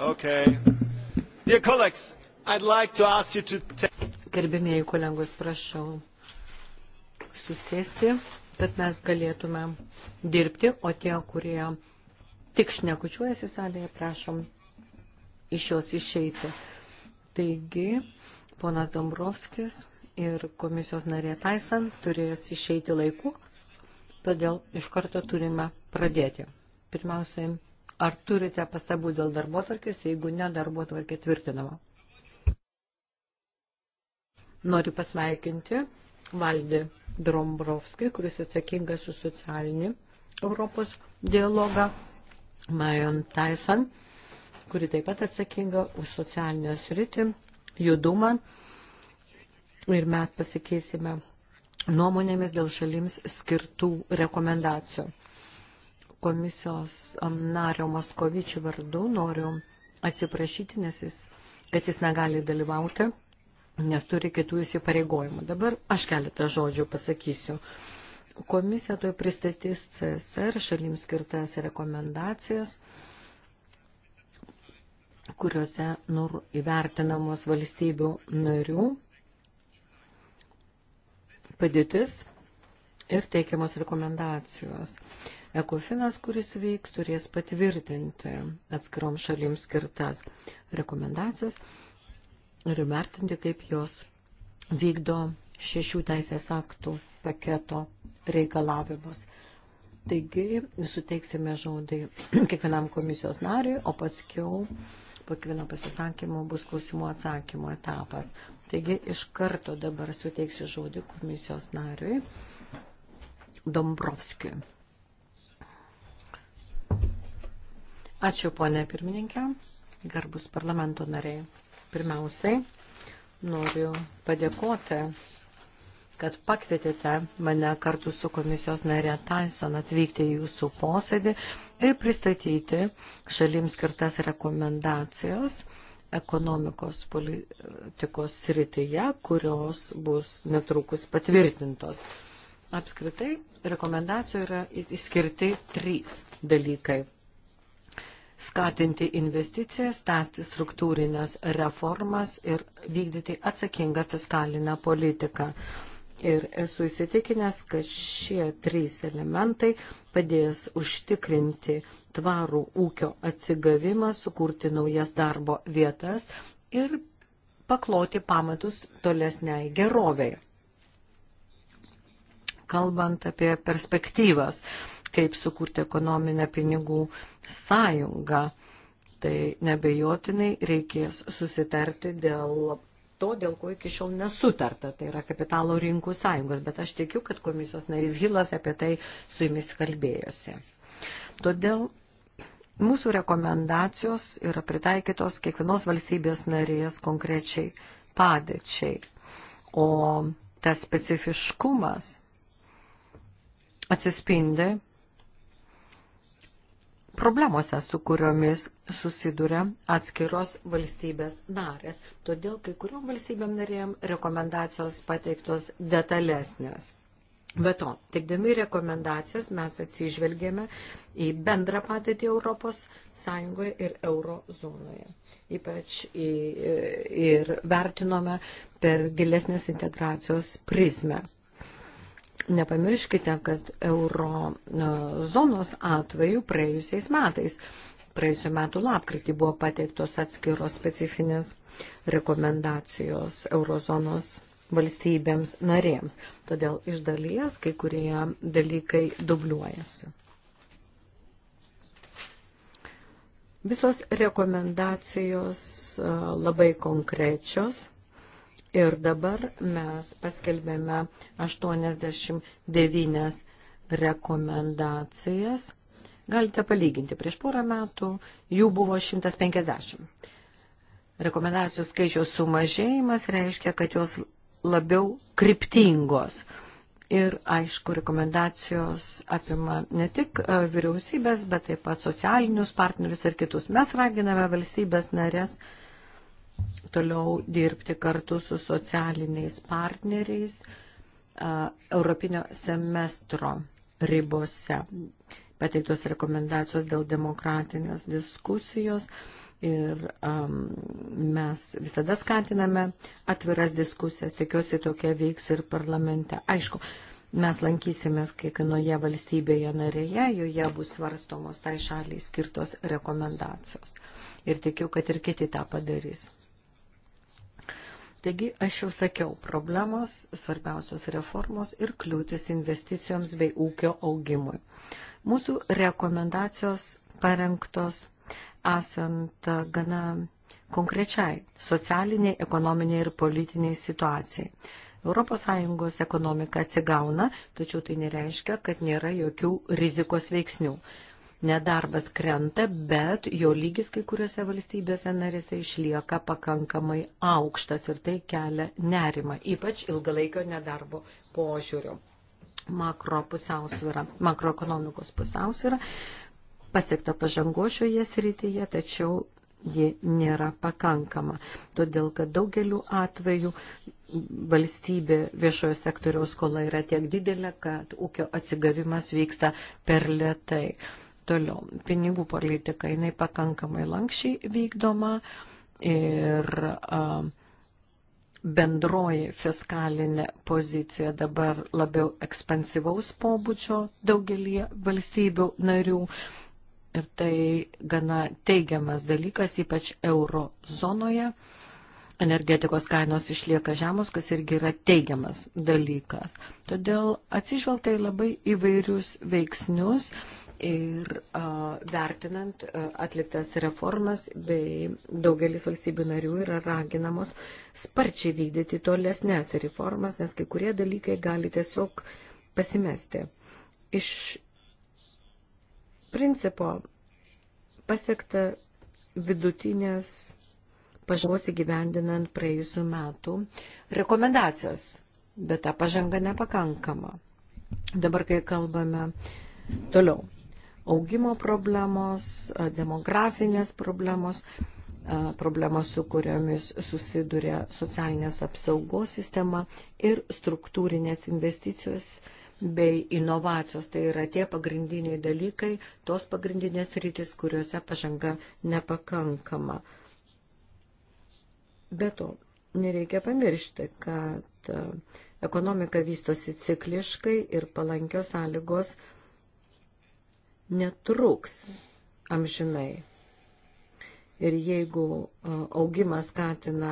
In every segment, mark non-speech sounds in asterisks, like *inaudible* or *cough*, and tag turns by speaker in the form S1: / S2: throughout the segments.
S1: Okay. Dear colleagues, I'd like to ask you to
S2: take... Gerbėmėjai kolegos, prašau susėsti, kad mes galėtume dirbti, o tie, kurie tik šnekučiuojasi salėje, prašom iš jos išeiti. Taigi, ponas Dombrovskis ir komisijos narė Tyson turės išeiti laiku, todėl iš karto turime pradėti. Pirmiausiai, Ar turite pastabų dėl darbo tvarkės, jeigu ne, darbo tvarkė tvirtinama? Noriu pasveikinti valdį Drombrovskį, kuris atsakingas už socialinį Europos dialogą, Marion Tyson, kuri taip pat atsakinga už socialinę sritį, judumą. Ir mes pasikeisime nuomonėmis dėl šalims skirtų rekomendacijų komisijos nario Moskovičių vardu noriu atsiprašyti, nes jis, kad jis negali dalyvauti, nes turi kitų įsipareigojimų. Dabar aš keletą žodžių pasakysiu. Komisija toj pristatys CSR šalims skirtas rekomendacijas kuriuose nur įvertinamos valstybių narių padėtis ir teikiamos rekomendacijos. Ekofinas, kuris veiks, turės patvirtinti atskirom šalims skirtas rekomendacijas ir vertinti, kaip jos vykdo šešių teisės aktų paketo reikalavimus. Taigi, suteiksime žodį *clears throat* kiekvienam komisijos nariui, o paskiau po kiekvieno pasisakymo bus klausimų atsakymų etapas. Taigi, iš karto dabar suteiksiu žodį komisijos nariui Dombrovskijui. Ačiū, ponė pirmininkė, garbus parlamento nariai. Pirmiausiai noriu padėkoti, kad pakvietėte mane kartu su komisijos narė Tyson atvykti į jūsų posėdį ir pristatyti šalims skirtas rekomendacijas ekonomikos politikos srityje, kurios bus netrukus patvirtintos. Apskritai, rekomendacijų yra įskirti trys dalykai skatinti investicijas, tęsti struktūrinės reformas ir vykdyti atsakingą fiskalinę politiką. Ir esu įsitikinęs, kad šie trys elementai padės užtikrinti tvarų ūkio atsigavimą, sukurti naujas darbo vietas ir pakloti pamatus tolesniai geroviai. Kalbant apie perspektyvas, kaip sukurti ekonominę pinigų sąjungą. Tai nebejotinai reikės susitarti dėl to, dėl ko iki šiol nesutarta, tai yra kapitalo rinkų sąjungos, bet aš tikiu, kad komisijos narys Hilas apie tai su jumis kalbėjosi. Todėl Mūsų rekomendacijos yra pritaikytos kiekvienos valstybės narės konkrečiai padėčiai. O tas specifiškumas atsispindi problemose, su kuriomis susiduria atskiros valstybės narės. Todėl kai kuriuom valstybėm narėm rekomendacijos pateiktos detalesnės. Be to, teikdami rekomendacijas mes atsižvelgėme į bendrą patirtį Europos Sąjungoje ir Eurozonoje. Ypač į, ir vertinome per gilesnės integracijos prizmę nepamirškite, kad euro e, zonos atveju praėjusiais metais, praėjusiu metu lapkritį buvo pateiktos atskiros specifinės rekomendacijos eurozonos valstybėms narėms. Todėl iš dalies kai kurie dalykai dubliuojasi. Visos rekomendacijos e, labai konkrečios Ir dabar mes paskelbėme 89 rekomendacijas. Galite palyginti, prieš porą metų jų buvo 150. Rekomendacijų skaičiaus sumažėjimas reiškia, kad jos labiau kryptingos. Ir aišku, rekomendacijos apima ne tik e, vyriausybės, bet taip pat socialinius partnerius ir kitus. Mes raginame valstybės narės uh, toliau dirbti kartu su socialiniais partneriais a, Europinio semestro ribose. Pateiktos rekomendacijos dėl demokratinės diskusijos ir um, mes visada skatiname atviras diskusijas, tikiuosi tokia veiks ir parlamente. Aišku, mes lankysimės kiekvienoje valstybėje narėje, joje bus svarstomos tai šaliai skirtos rekomendacijos. Ir tikiu, kad ir kiti tą padarys. Taigi, aš jau sakiau, problemos, svarbiausios reformos ir kliūtis investicijoms bei ūkio augimui. Mūsų rekomendacijos parengtos esant gana konkrečiai socialiniai, ekonominiai ir politiniai situacijai. ES ekonomika atsigauna, tačiau tai nereiškia, kad nėra jokių rizikos veiksnių nedarbas krenta, bet jo lygis kai kuriuose valstybėse narėse išlieka pakankamai aukštas ir tai kelia nerimą, ypač ilgalaikio nedarbo požiūrių. Makro pusiausvyrą, makroekonomikos pusiausvyrą pasiekta pažango šioje srityje, tačiau ji nėra pakankama. Todėl, kad daugeliu atveju valstybė viešojo sektoriaus skola yra tiek didelė, kad ūkio atsigavimas vyksta per lietai. Toliau, pinigų politika, jinai pakankamai lankščiai vykdoma ir a, bendroji fiskalinė pozicija dabar labiau ekspansyvaus pobūdžio daugelį valstybių narių. Ir tai gana teigiamas dalykas, ypač euro zonoje. Energetikos kainos išlieka žemos, kas irgi yra teigiamas dalykas. Todėl atsižvelgtai labai įvairius veiksnius ir vertinant atliktas reformas bei daugelis valstybių narių yra raginamos sparčiai vykdyti tolesnės reformas, nes kai kurie dalykai gali tiesiog pasimesti. Iš principo pasiekta vidutinės pažangos įgyvendinant praėjusių metų rekomendacijas, bet ta pažanga nepakankama. Dabar, kai kalbame toliau augimo problemos, demografinės problemos, problemos, su kuriomis susiduria socialinės apsaugos sistema ir struktūrinės investicijos bei inovacijos. Tai yra tie pagrindiniai dalykai, tos pagrindinės rytis, kuriuose pažanga nepakankama. Be to, nereikia pamiršti, kad ekonomika vystosi cikliškai ir palankios sąlygos netruks amžinai. Ir jeigu e, augimas skatina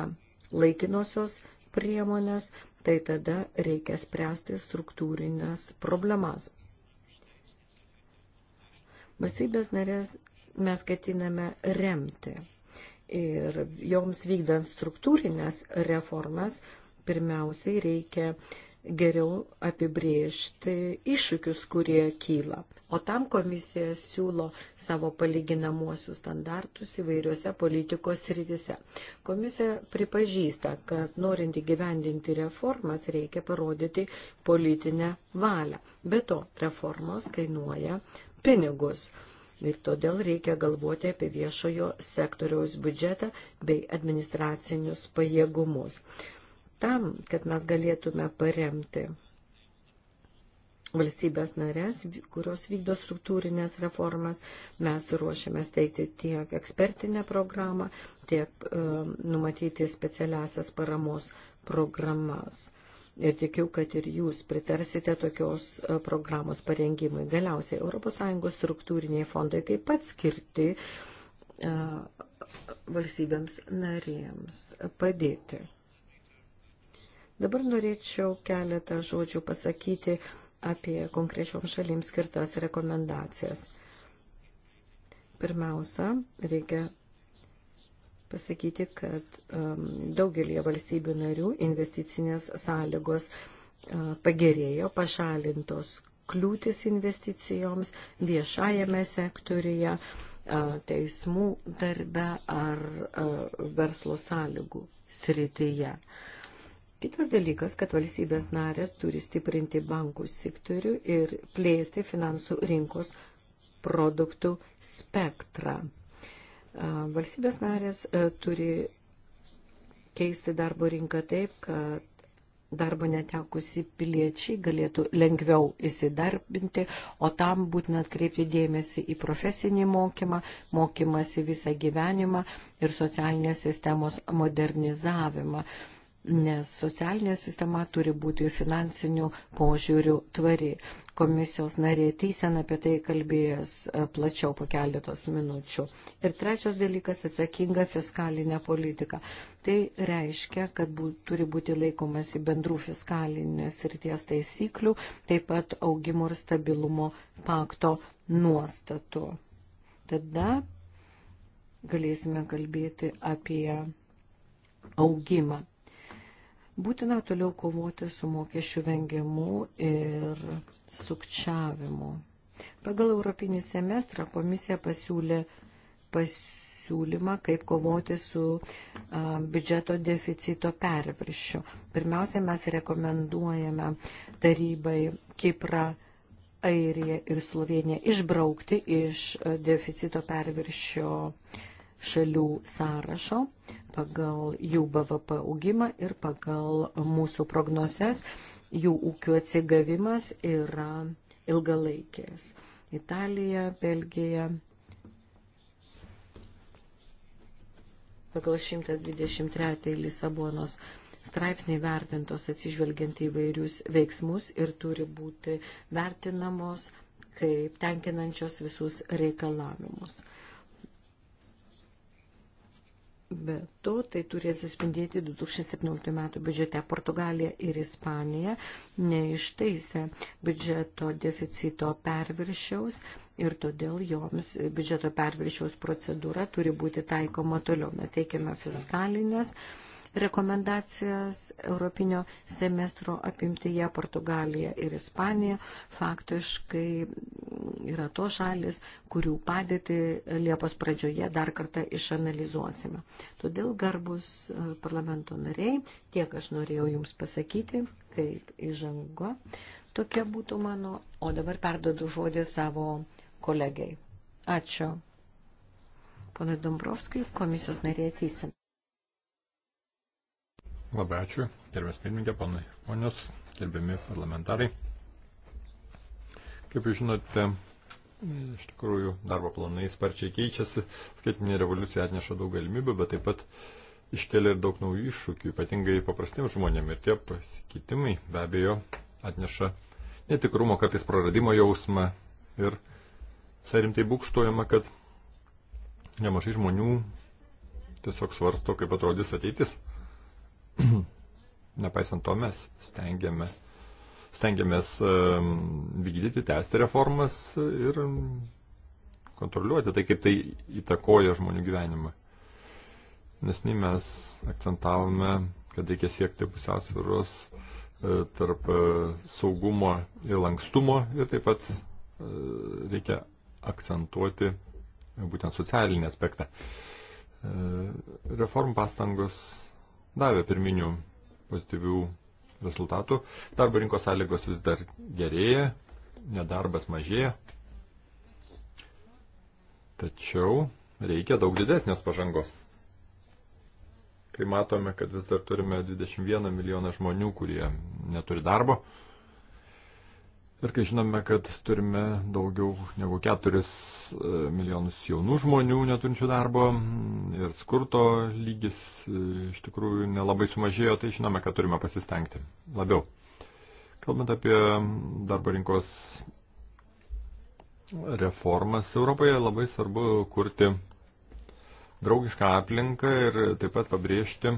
S2: laikinosios priemonės, tai tada reikia spręsti struktūrinės problemas. Valstybės narės mes ketiname remti ir joms vykdant struktūrinės reformas pirmiausiai reikia geriau apibriežti iššūkius, kurie kyla o tam komisija siūlo savo palyginamuosius standartus įvairiuose politikos sritise. Komisija pripažįsta, kad norint įgyvendinti reformas reikia parodyti politinę valią. Be to, reformos kainuoja pinigus. Ir todėl reikia galvoti apie viešojo sektoriaus biudžetą bei administracinius pajėgumus. Tam, kad mes galėtume paremti valstybės narės, kurios vykdo struktūrinės reformas. Mes ruošiame steigti tiek ekspertinę programą, tiek e, numatyti specialiasias paramos programas. Ir tikiu, kad ir jūs pritarsite tokios e, programos parengimui. Galiausiai ES struktūriniai fondai taip pat skirti e, valstybėms narėms padėti. Dabar norėčiau keletą žodžių pasakyti apie konkrečioms šalims skirtas rekomendacijas. Pirmiausia, reikia pasakyti, kad um, daugelie valstybių narių investicinės sąlygos uh, pagerėjo, pašalintos kliūtis investicijoms viešajame sektoriuje, uh, teismų darbe ar uh, verslo sąlygų srityje. Uh, Kitas dalykas, kad valstybės narės turi stiprinti bankų sektorių ir plėsti finansų rinkos produktų spektrą. Valstybės narės e, turi keisti darbo rinką taip, kad darbo netekusi piliečiai galėtų lengviau įsidarbinti, o tam būtina atkreipti dėmesį į profesinį mokymą, mokymasi visą gyvenimą ir socialinės sistemos modernizavimą nes socialinė sistema turi būti finansinių požiūrių tvari. Komisijos narė Tysen apie tai kalbėjęs e, plačiau po keletos minučių. Ir trečias dalykas - atsakinga fiskalinė politika. Tai reiškia, kad bū, turi būti laikomasi bendrų fiskalinės ryties taisyklių, taip pat augimo ir stabilumo pakto nuostatų. Tada galėsime kalbėti apie augimą Būtina toliau kovoti su mokesčių vengimu ir sukčiavimu. Pagal Europinį semestrą komisija pasiūlė pasiūlymą, kaip kovoti su a, biudžeto deficito perviršiu. Pirmiausia, mes rekomenduojame tarybai Kiprą Airija ir Slovenija išbraukti iš deficito perviršio šalių sąrašo pagal jų BVP augimą ir pagal mūsų prognozes jų ūkių atsigavimas yra ilgalaikės. Italija, Belgija. Pagal 123 Lisabonos straipsniai vertintos atsižvelgiant į vairius veiksmus ir turi būti vertinamos kaip tenkinančios visus reikalavimus. Be to, tai turi atsispindėti 2017 metų biudžete. Portugalija ir Ispanija neištaisė biudžeto deficito perviršiaus ir todėl joms biudžeto perviršiaus procedūra turi būti taikoma toliau. Mes teikiame fiskalinės. Mm rekomendacijas Europinio semestro apimtyje Portugalija ir Ispanija. Faktiškai yra to šalis, kurių padėti Liepos pradžioje dar kartą išanalizuosime. Todėl, garbus e, parlamento nariai, tiek aš norėjau Jums pasakyti, kaip įžango. Tokia būtų mano, o dabar perdodu žodį savo kolegai. Ačiū. Pana Dombrovskai, komisijos narė teisim.
S1: Labai ačiū, gerbės pirmininkė, panai ponios, gerbiami parlamentarai. Kaip jūs žinote, iš tikrųjų darbo planai sparčiai keičiasi, skaitinė revoliucija atneša daug galimybių, bet taip pat iškelia ir daug naujų iššūkių, ypatingai paprastiems žmonėm. Ir tie pasikeitimai be abejo atneša netikrumo, kartais praradimo jausmą. Ir sarimtai būkštojama, kad nemažai žmonių tiesiog svarsto, kaip atrodys ateitis. *clears throat* Nepaisant to, mes stengiame, stengiamės ehm, vykdyti, tęsti reformas ir ehm, kontroliuoti tai, kaip tai įtakoja žmonių gyvenimą. Nesnį mes akcentavome, kad reikia siekti pusiausvėros e, tarp e, saugumo ir lankstumo ir taip pat e, reikia akcentuoti būtent socialinį aspektą. Reformų pastangos davė pirminių pozityvių rezultatų. Darbo rinkos sąlygos vis dar gerėja, nedarbas mažėja. Tačiau reikia daug didesnės pažangos. Kai matome, kad vis dar turime 21 milijoną žmonių, kurie neturi darbo, Ir kai žinome, kad turime daugiau negu 4 e, milijonus jaunų žmonių neturinčių darbo ir skurto lygis e, iš tikrųjų nelabai sumažėjo, tai žinome, kad turime pasistengti labiau. Kalbant apie darbo rinkos reformas Europoje, labai svarbu kurti draugišką aplinką ir taip pat pabrėžti e,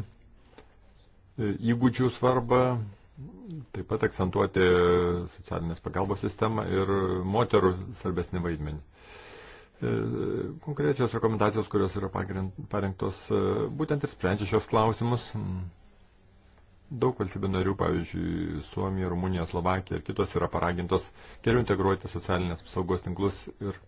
S1: įgūdžių svarbą taip pat akcentuoti socialinės pagalbos sistemą ir moterų svarbesnį vaidmenį. E, konkrečios rekomendacijos, kurios yra parengtos, e, būtent ir sprendžia šios klausimus. Daug valstybių narių, pavyzdžiui, Suomija, Rumunija, Slovakija ir kitos yra paragintos geriau integruoti socialinės apsaugos tinklus ir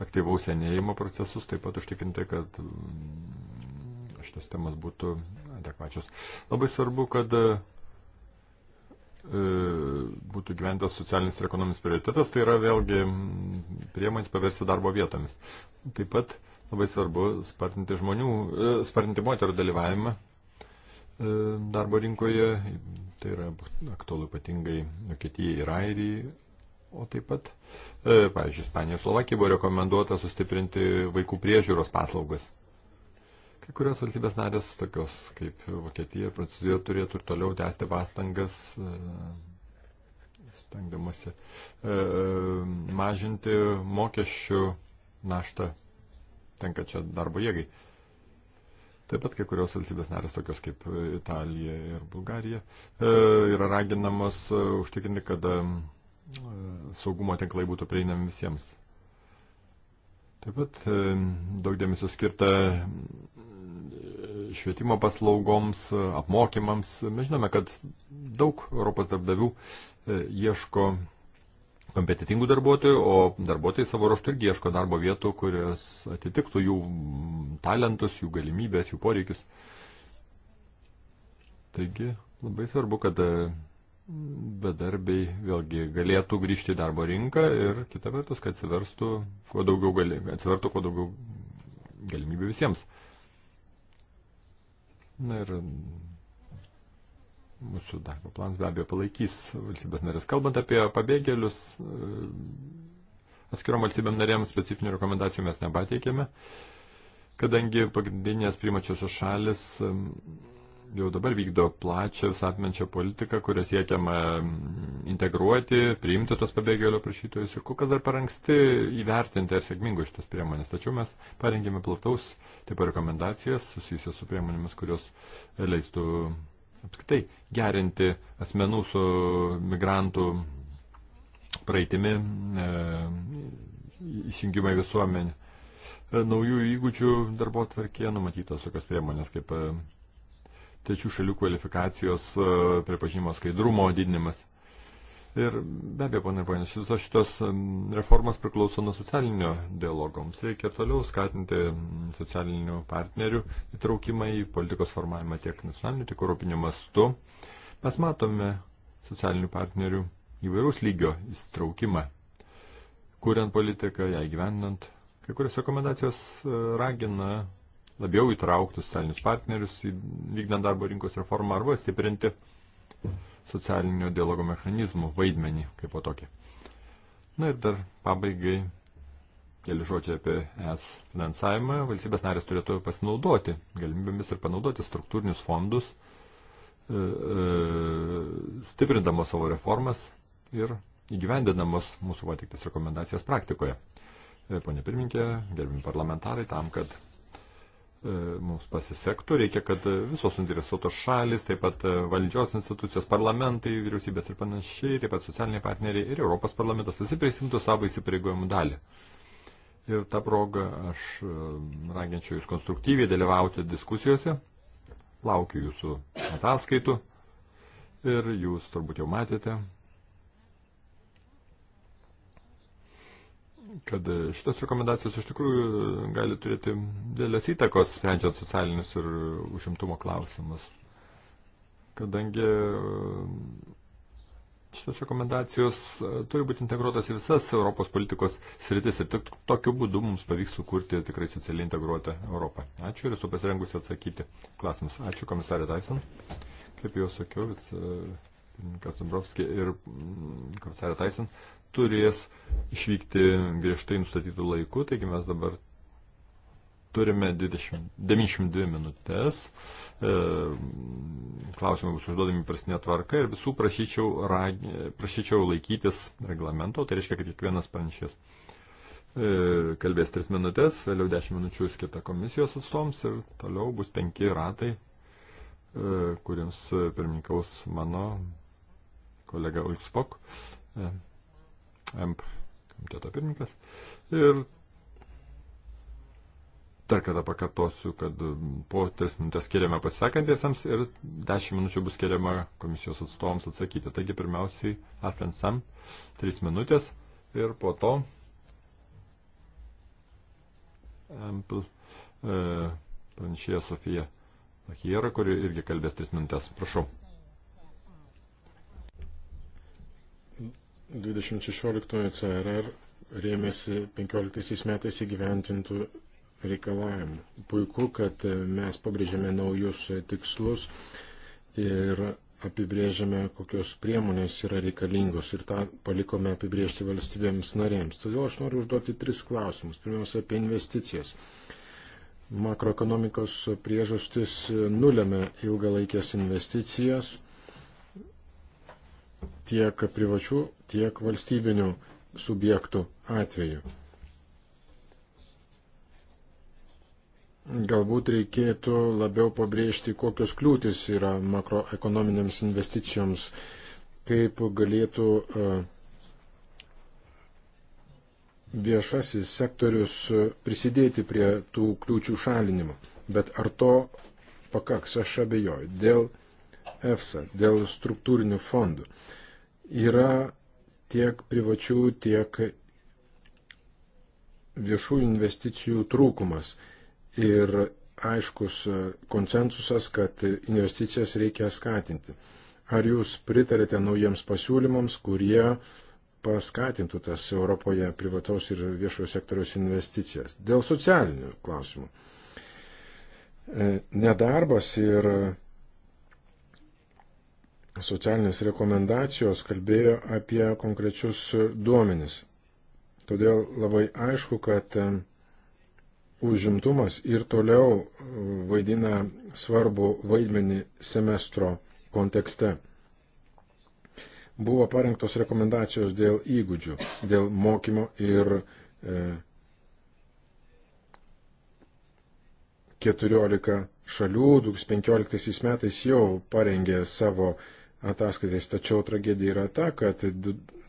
S1: aktyvaus senėjimo procesus, taip pat užtikrinti, kad mm, šitos temas būtų adekvačios. Labai svarbu, kad E, būtų gyventas socialinis ir ekonominis prioritetas, tai yra vėlgi priemonės paversti darbo vietomis. Taip pat labai svarbu spartinti žmonių, e, spartinti moterų dalyvavimą e, darbo rinkoje, tai yra aktualu ypatingai Vokietijai ir Airijai, o taip pat, pavyzdžiui, Ispanija ir Slovakija buvo rekomenduota sustiprinti vaikų priežiūros paslaugas. Kai kurios valstybės narės, tokios kaip Vokietija ir Prancūzija, turėtų ir toliau tęsti pastangas, e, stengdamosi e, mažinti mokesčių naštą tenkačią darbo jėgai. Taip pat kai kurios valstybės narės, tokios kaip Italija ir Bulgarija, e, yra raginamos užtikrinti, kad saugumo tinklai būtų prieinami visiems. Taip pat e, daug dėmesio skirta e, švietimo paslaugoms, e, apmokymams. Mes žinome, kad daug Europos darbdavių ieško kompetitingų darbuotojų, o darbuotojai savo ruoštų irgi ieško darbo vietų, kurios atitiktų jų talentus, jų galimybės, jų poreikius. Taigi labai svarbu, kad bedarbiai vėlgi galėtų grįžti į darbo rinką ir kita vertus, kad atsiverstų kuo daugiau, gali, atsivertų kuo daugiau galimybių visiems. Na ir mūsų darbo planas be abejo palaikys valstybės narės. Kalbant apie pabėgėlius, atskirom valstybėm narėms specifinių rekomendacijų mes nepateikėme, kadangi pagrindinės primačiosios šalis jau dabar vykdo plačią visatmenčią politiką, kurią siekiama mm, integruoti, priimti tos pabėgėlio prašytojus ir kol kas dar per anksti įvertinti ar sėkmingo šitas priemonės. Tačiau mes parengėme plataus tipo rekomendacijas susijusios su priemonėmis, kurios leistų apskritai gerinti asmenų su migrantų praeitimi e, įsijungimą į visuomenę. E, naujų įgūdžių darbo tvarkėje numatytos tokios priemonės kaip e, trečių šalių kvalifikacijos e, pripažinimo skaidrumo didinimas. Ir be abejo, ponai, ponai, visos šitos reformos priklauso nuo socialinio dialogo. Mums reikia toliau skatinti socialinių partnerių įtraukimą į politikos formavimą tiek nacionaliniu, tiek europiniu mastu. Mes matome socialinių partnerių įvairūs lygio įtraukimą, kuriant politiką, ją gyvenant. Kai kurios rekomendacijos e, ragina labiau įtraukti socialinius partnerius vykdant darbo rinkos reformą arba stiprinti socialinio dialogo mechanizmų vaidmenį kaip po tokį. Na ir dar pabaigai keli žodžiai apie es finansavimą. Valstybės narės turėtų pasinaudoti galimybėmis ir panaudoti struktūrinius fondus, e, e, stiprindamos savo reformas ir įgyvendinamos mūsų patiktas rekomendacijas praktikoje. E, Pone pirminkė, gerbimi parlamentarai, tam, kad E, mums pasisektų, reikia, kad visos suinteresuotos šalis, taip pat e, valdžios institucijos, parlamentai, vyriausybės ir panašiai, taip pat socialiniai partneriai ir Europos parlamentas visi prisimtų savo įsipareigojimų dalį. Ir tą progą aš e, raginčiau jūs konstruktyviai dalyvauti diskusijose, laukiu jūsų ataskaitų ir jūs turbūt jau matėte, kad šitas rekomendacijos iš tikrųjų gali turėti dėlės įtakos, sprendžiant socialinius ir užimtumo klausimus. Kadangi e, šitas rekomendacijos e, turi būti integruotas į visas Europos politikos sritis ir tik tokiu būdu mums pavyks sukurti tikrai socialiai integruotą Europą. Ačiū ir esu pasirengusi atsakyti klausimus. Ačiū komisarė Tyson. Kaip jau sakiau, vicepininkas Dombrovskis ir mm, komisarė Tyson turės išvykti griežtai nustatytų laikų, taigi mes dabar turime 20, 92 minutės. E, klausimai bus užduodami prasinė tvarka ir visų prašyčiau, rag, prašyčiau laikytis reglamento, tai reiškia, kad kiekvienas pranešės e, kalbės 3 minutės, vėliau 10 minučių skirta komisijos atstoms ir toliau bus 5 ratai, e, kuriems pirmininkaus mano kolega Ulfspok. E, MP komiteto pirmininkas. Ir dar kartą pakartosiu, kad po 3 minutės skiriame pasisakantiesiems ir 10 minučių bus skiriama komisijos atstovams atsakyti. Taigi pirmiausiai Afrensam 3 minutės ir po to Ampl e, pranešėja Sofija Lachiera, kuri irgi kalbės 3 minutės. Prašau.
S3: 2016 CRR rėmėsi 15 metais įgyventintų reikalavimų. Puiku, kad mes pabrėžėme naujus tikslus ir apibrėžėme, kokios priemonės yra reikalingos ir tą palikome apibrėžti valstybėms narėms. Todėl aš noriu užduoti tris klausimus. Pirmiausia, apie investicijas. Makroekonomikos priežastis nulėmė ilgalaikės investicijas tiek privačių, tiek valstybinių subjektų atveju. Galbūt reikėtų labiau pabrėžti, kokios kliūtis yra makroekonominėms investicijoms, kaip galėtų e, viešasis sektorius prisidėti prie tų kliūčių šalinimo. Bet ar to pakaks, aš abejoju. Dėl EFSA dėl struktūrinių fondų. Yra tiek privačių, tiek viešų investicijų trūkumas ir aiškus konsensusas, kad investicijas reikia skatinti. Ar jūs pritarėte naujiems pasiūlymams, kurie paskatintų tas Europoje privataus ir viešojo sektoriaus investicijas? Dėl socialinių klausimų. E, nedarbas ir socialinės rekomendacijos kalbėjo apie konkrečius duomenis. Todėl labai aišku, kad e, užimtumas ir toliau e, vaidina svarbu vaidmenį semestro kontekste. Buvo parengtos rekomendacijos dėl įgūdžių, dėl mokymo ir e, 14 šalių 2015 metais jau parengė savo ataskaitais. Tačiau tragedija yra ta, kad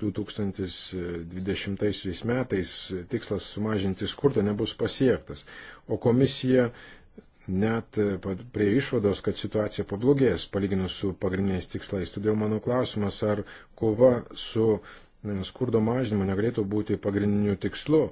S3: 2020 metais tikslas sumažinti skurdą nebus pasiektas, o komisija net prie išvados, kad situacija pablogės palyginus su pagrindiniais tikslais. Todėl mano klausimas, ar kova su skurdo mažinimu negalėtų būti pagrindiniu tikslu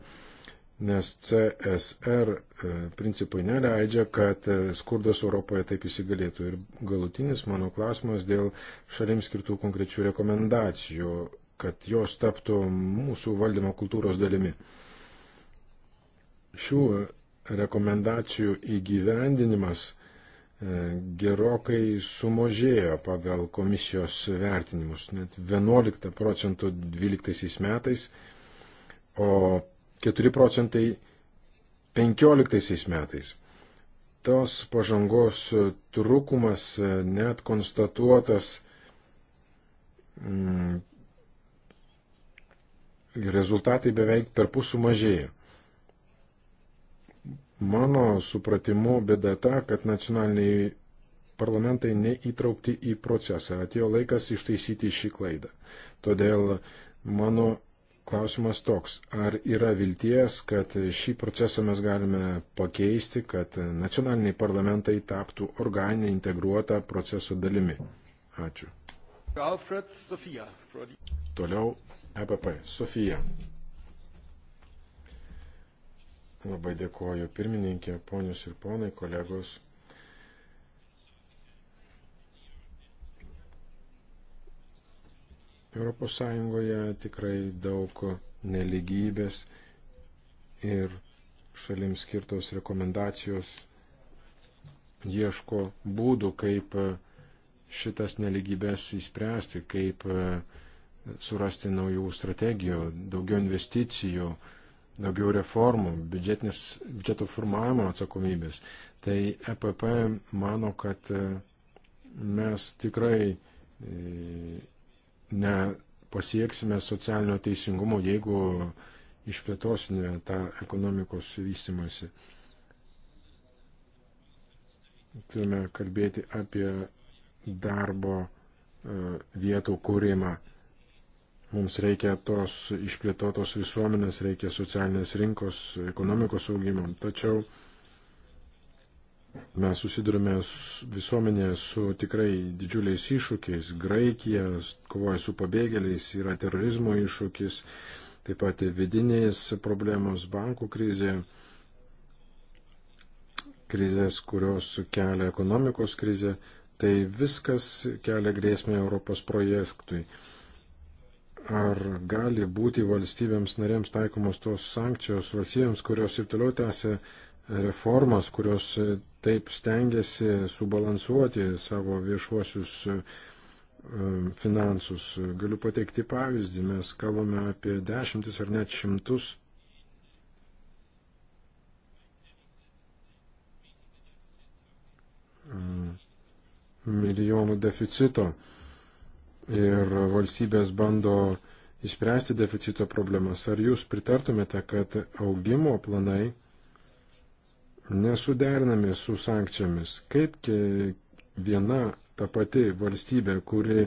S3: nes CSR e, principai neleidžia, kad e, skurdas Europoje taip įsigalėtų. Ir galutinis mano klausimas dėl šalims skirtų konkrečių rekomendacijų, kad jos taptų mūsų valdymo kultūros dalimi. Šių rekomendacijų įgyvendinimas e, gerokai sumažėjo pagal komisijos vertinimus, net 11 procentų 12 metais, o 4 procentai 15 metais. Tos pažangos trūkumas net konstatuotas mm, rezultatai beveik per pusų mažėja. Mano supratimu bėda ta, kad nacionaliniai parlamentai neįtraukti į procesą. Atėjo laikas ištaisyti šį klaidą. Todėl mano Klausimas toks, ar yra vilties, kad šį procesą mes galime pakeisti, kad nacionaliniai parlamentai taptų organinė integruota proceso dalimi? Ačiū.
S1: Alfred, Sofija.
S3: Toliau EPP. Sofija. Labai dėkoju pirmininkė, ponius ir ponai, kolegos. ES tikrai daug neligybės ir šalims skirtos rekomendacijos ieško būdų, kaip e, šitas neligybės įspręsti, kaip e, surasti naujų strategijų, daugiau investicijų, daugiau reformų, biudžeto formavimo atsakomybės. Tai EPP mano, kad e, mes tikrai nepasieksime socialinio teisingumo, jeigu išplėtosime tą ekonomikos vystimąsi. Turime kalbėti apie darbo e, vietų kūrimą. Mums reikia tos išplėtotos visuomenės, reikia socialinės rinkos, ekonomikos augimam. Tačiau mes susidurime visuomenėje su tikrai didžiuliais iššūkiais. Graikija kovoja su pabėgėliais, yra terorizmo iššūkis, taip pat vidinės problemos bankų krizė, krizės, kurios kelia ekonomikos krizė. Tai viskas kelia grėsmę Europos projektui. Ar gali būti valstybėms narėms taikomos tos sankcijos valstybėms, kurios ir toliau tęsia reformas, kurios taip stengiasi subalansuoti savo viešuosius e, finansus. Galiu pateikti pavyzdį, mes kalbame apie dešimtis ar net šimtus. milijonų deficito ir valstybės bando išspręsti deficito problemas. Ar jūs pritartumėte, kad augimo planai nesuderinami su sankcijomis. Kaip viena ta pati valstybė, kuri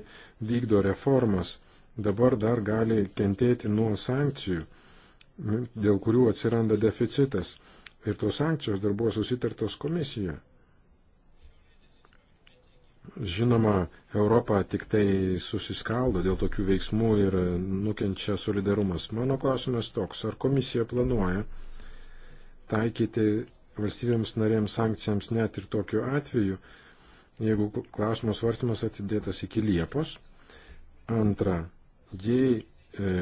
S3: vykdo reformas, dabar dar gali kentėti nuo sankcijų, dėl kurių atsiranda deficitas. Ir tos sankcijos dar buvo susitartos komisijoje. Žinoma, Europa tik tai susiskaldo dėl tokių veiksmų ir nukenčia solidarumas. Mano klausimas toks, ar komisija planuoja taikyti valstybėms narėms sankcijams net ir tokiu atveju, jeigu klausimo svarstymas atidėtas iki Liepos. Antra, jei e,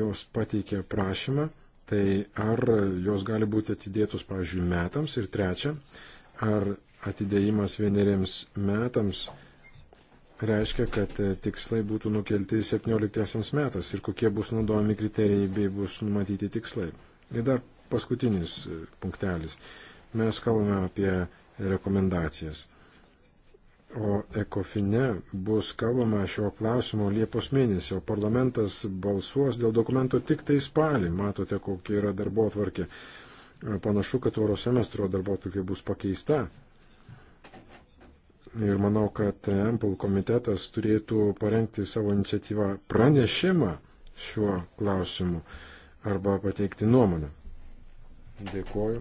S3: jos pateikė prašymą, tai ar jos gali būti atidėtos, pavyzdžiui, metams. Ir trečia, ar atidėjimas vieneriems metams reiškia, kad e, tikslai būtų nukelti 17 metas ir kokie bus naudojami kriterijai bei bus numatyti tikslai. Ir dar paskutinis punktelis. Mes kalbame apie rekomendacijas. O ekofine bus kalbama šio klausimo Liepos mėnesį, o parlamentas balsuos dėl dokumento tik tai spalį. Matote, kokia yra darbo atvarkė. Panašu, kad euro semestro darbo atvarkė bus pakeista. Ir manau, kad Ample komitetas turėtų parengti savo iniciatyvą pranešimą šiuo klausimu arba pateikti nuomonę. Dėkuoju.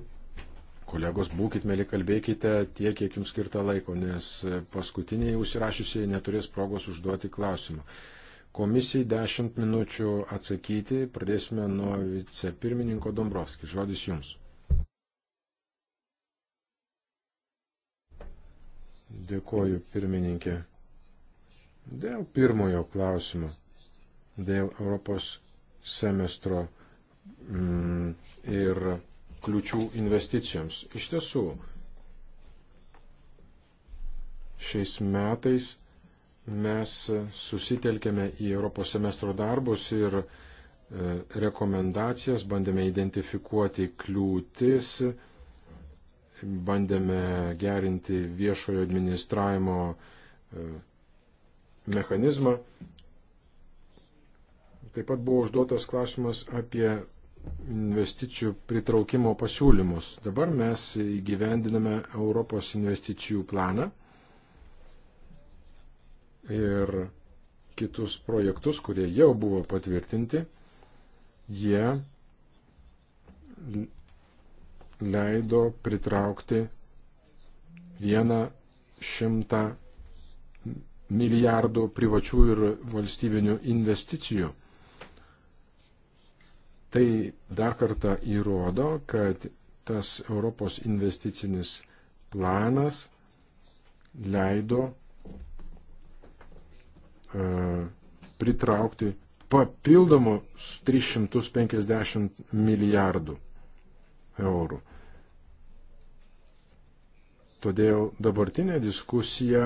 S3: Kolegos, būkit mėly, kalbėkite tiek, kiek jums skirta laiko, nes paskutiniai užsirašysieji neturės progos užduoti klausimą. Komisijai 10 minučių atsakyti. Pradėsime nuo vicepirmininko Dombrovskis. Žodis jums. Dėkoju, pirmininkė. Dėl pirmojo klausimo, dėl Europos semestro mm, ir kliučių investicijoms. Iš tiesų, šiais metais mes susitelkėme į Europos semestro darbus ir e, rekomendacijas, bandėme identifikuoti kliūtis, bandėme gerinti viešojo administravimo e, mechanizmą. Taip pat buvo užduotas klausimas apie investicijų pritraukimo pasiūlymus. Dabar mes įgyvendiname Europos investicijų planą ir kitus projektus, kurie jau buvo patvirtinti. Jie leido pritraukti vieną šimtą milijardų privačių ir valstybinių investicijų. Tai dar kartą įrodo, kad tas Europos investicinis planas leido uh, pritraukti papildomų 350 milijardų eurų. Todėl dabartinė diskusija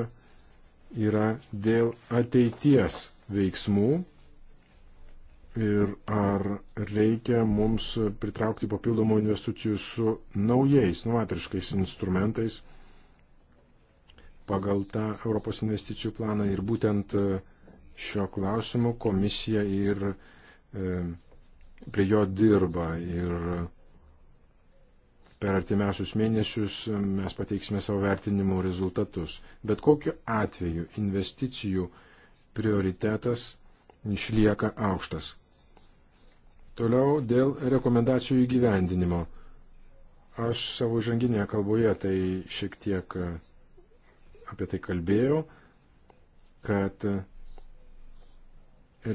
S3: yra dėl ateities veiksmų ir ar reikia mums pritraukti papildomų investicijų su naujais, novatoriškais instrumentais pagal tą Europos investicijų planą ir būtent e, šio klausimu komisija ir e, prie jo dirba ir per artimiausius mėnesius e, mes pateiksime savo vertinimo rezultatus. Bet kokiu atveju investicijų prioritetas išlieka aukštas. Toliau dėl rekomendacijų įgyvendinimo. Aš savo žanginėje kalboje tai šiek tiek e, apie tai kalbėjau, kad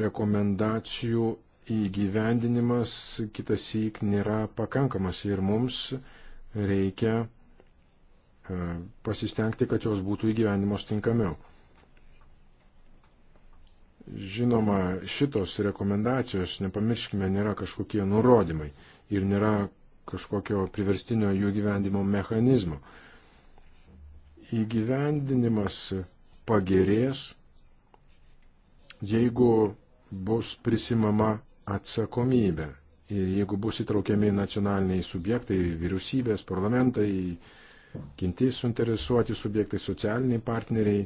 S3: rekomendacijų įgyvendinimas kitas įk nėra pakankamas ir mums reikia e, pasistengti, kad jos būtų įgyvendimos tinkamiau. Žinoma, šitos rekomendacijos, nepamirškime, nėra kažkokie nurodymai ir nėra kažkokio priverstinio jų gyvendimo mechanizmo. Įgyvendinimas pagerės, jeigu bus prisimama atsakomybė ir jeigu bus įtraukiami nacionaliniai subjektai, vyriausybės, parlamentai, kinti suinteresuoti subjektai, socialiniai partneriai,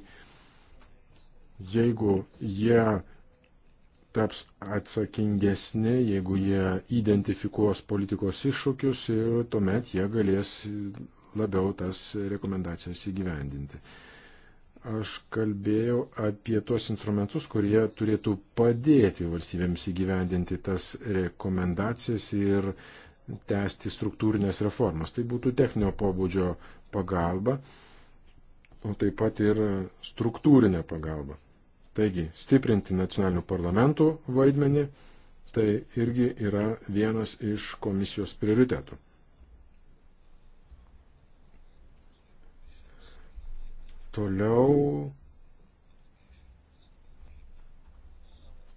S3: jeigu jie taps atsakingesni, jeigu jie identifikuos politikos iššūkius ir tuomet jie galės labiau tas rekomendacijas įgyvendinti. Aš kalbėjau apie tuos instrumentus, kurie turėtų padėti valstybėms įgyvendinti tas rekomendacijas ir tęsti struktūrinės reformas. Tai būtų techninio pobūdžio pagalba, o taip pat ir struktūrinė pagalba. Taigi, stiprinti nacionalinių parlamentų vaidmenį, tai irgi yra vienas iš komisijos prioritetų. Toliau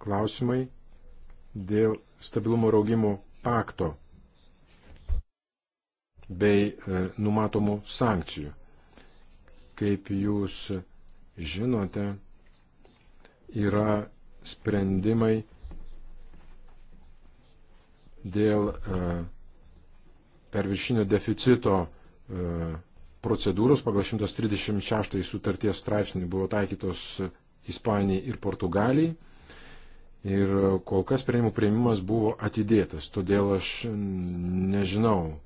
S3: klausimai dėl stabilumo ir augimo pakto bei e, numatomų sankcijų. Kaip jūs žinote, yra sprendimai dėl e, perviršinio deficito e, procedūros pagal 136 sutarties straipsnį buvo taikytos Ispanijai ir Portugalijai. Ir kol kas sprendimų prieimimas buvo atidėtas, todėl aš nežinau,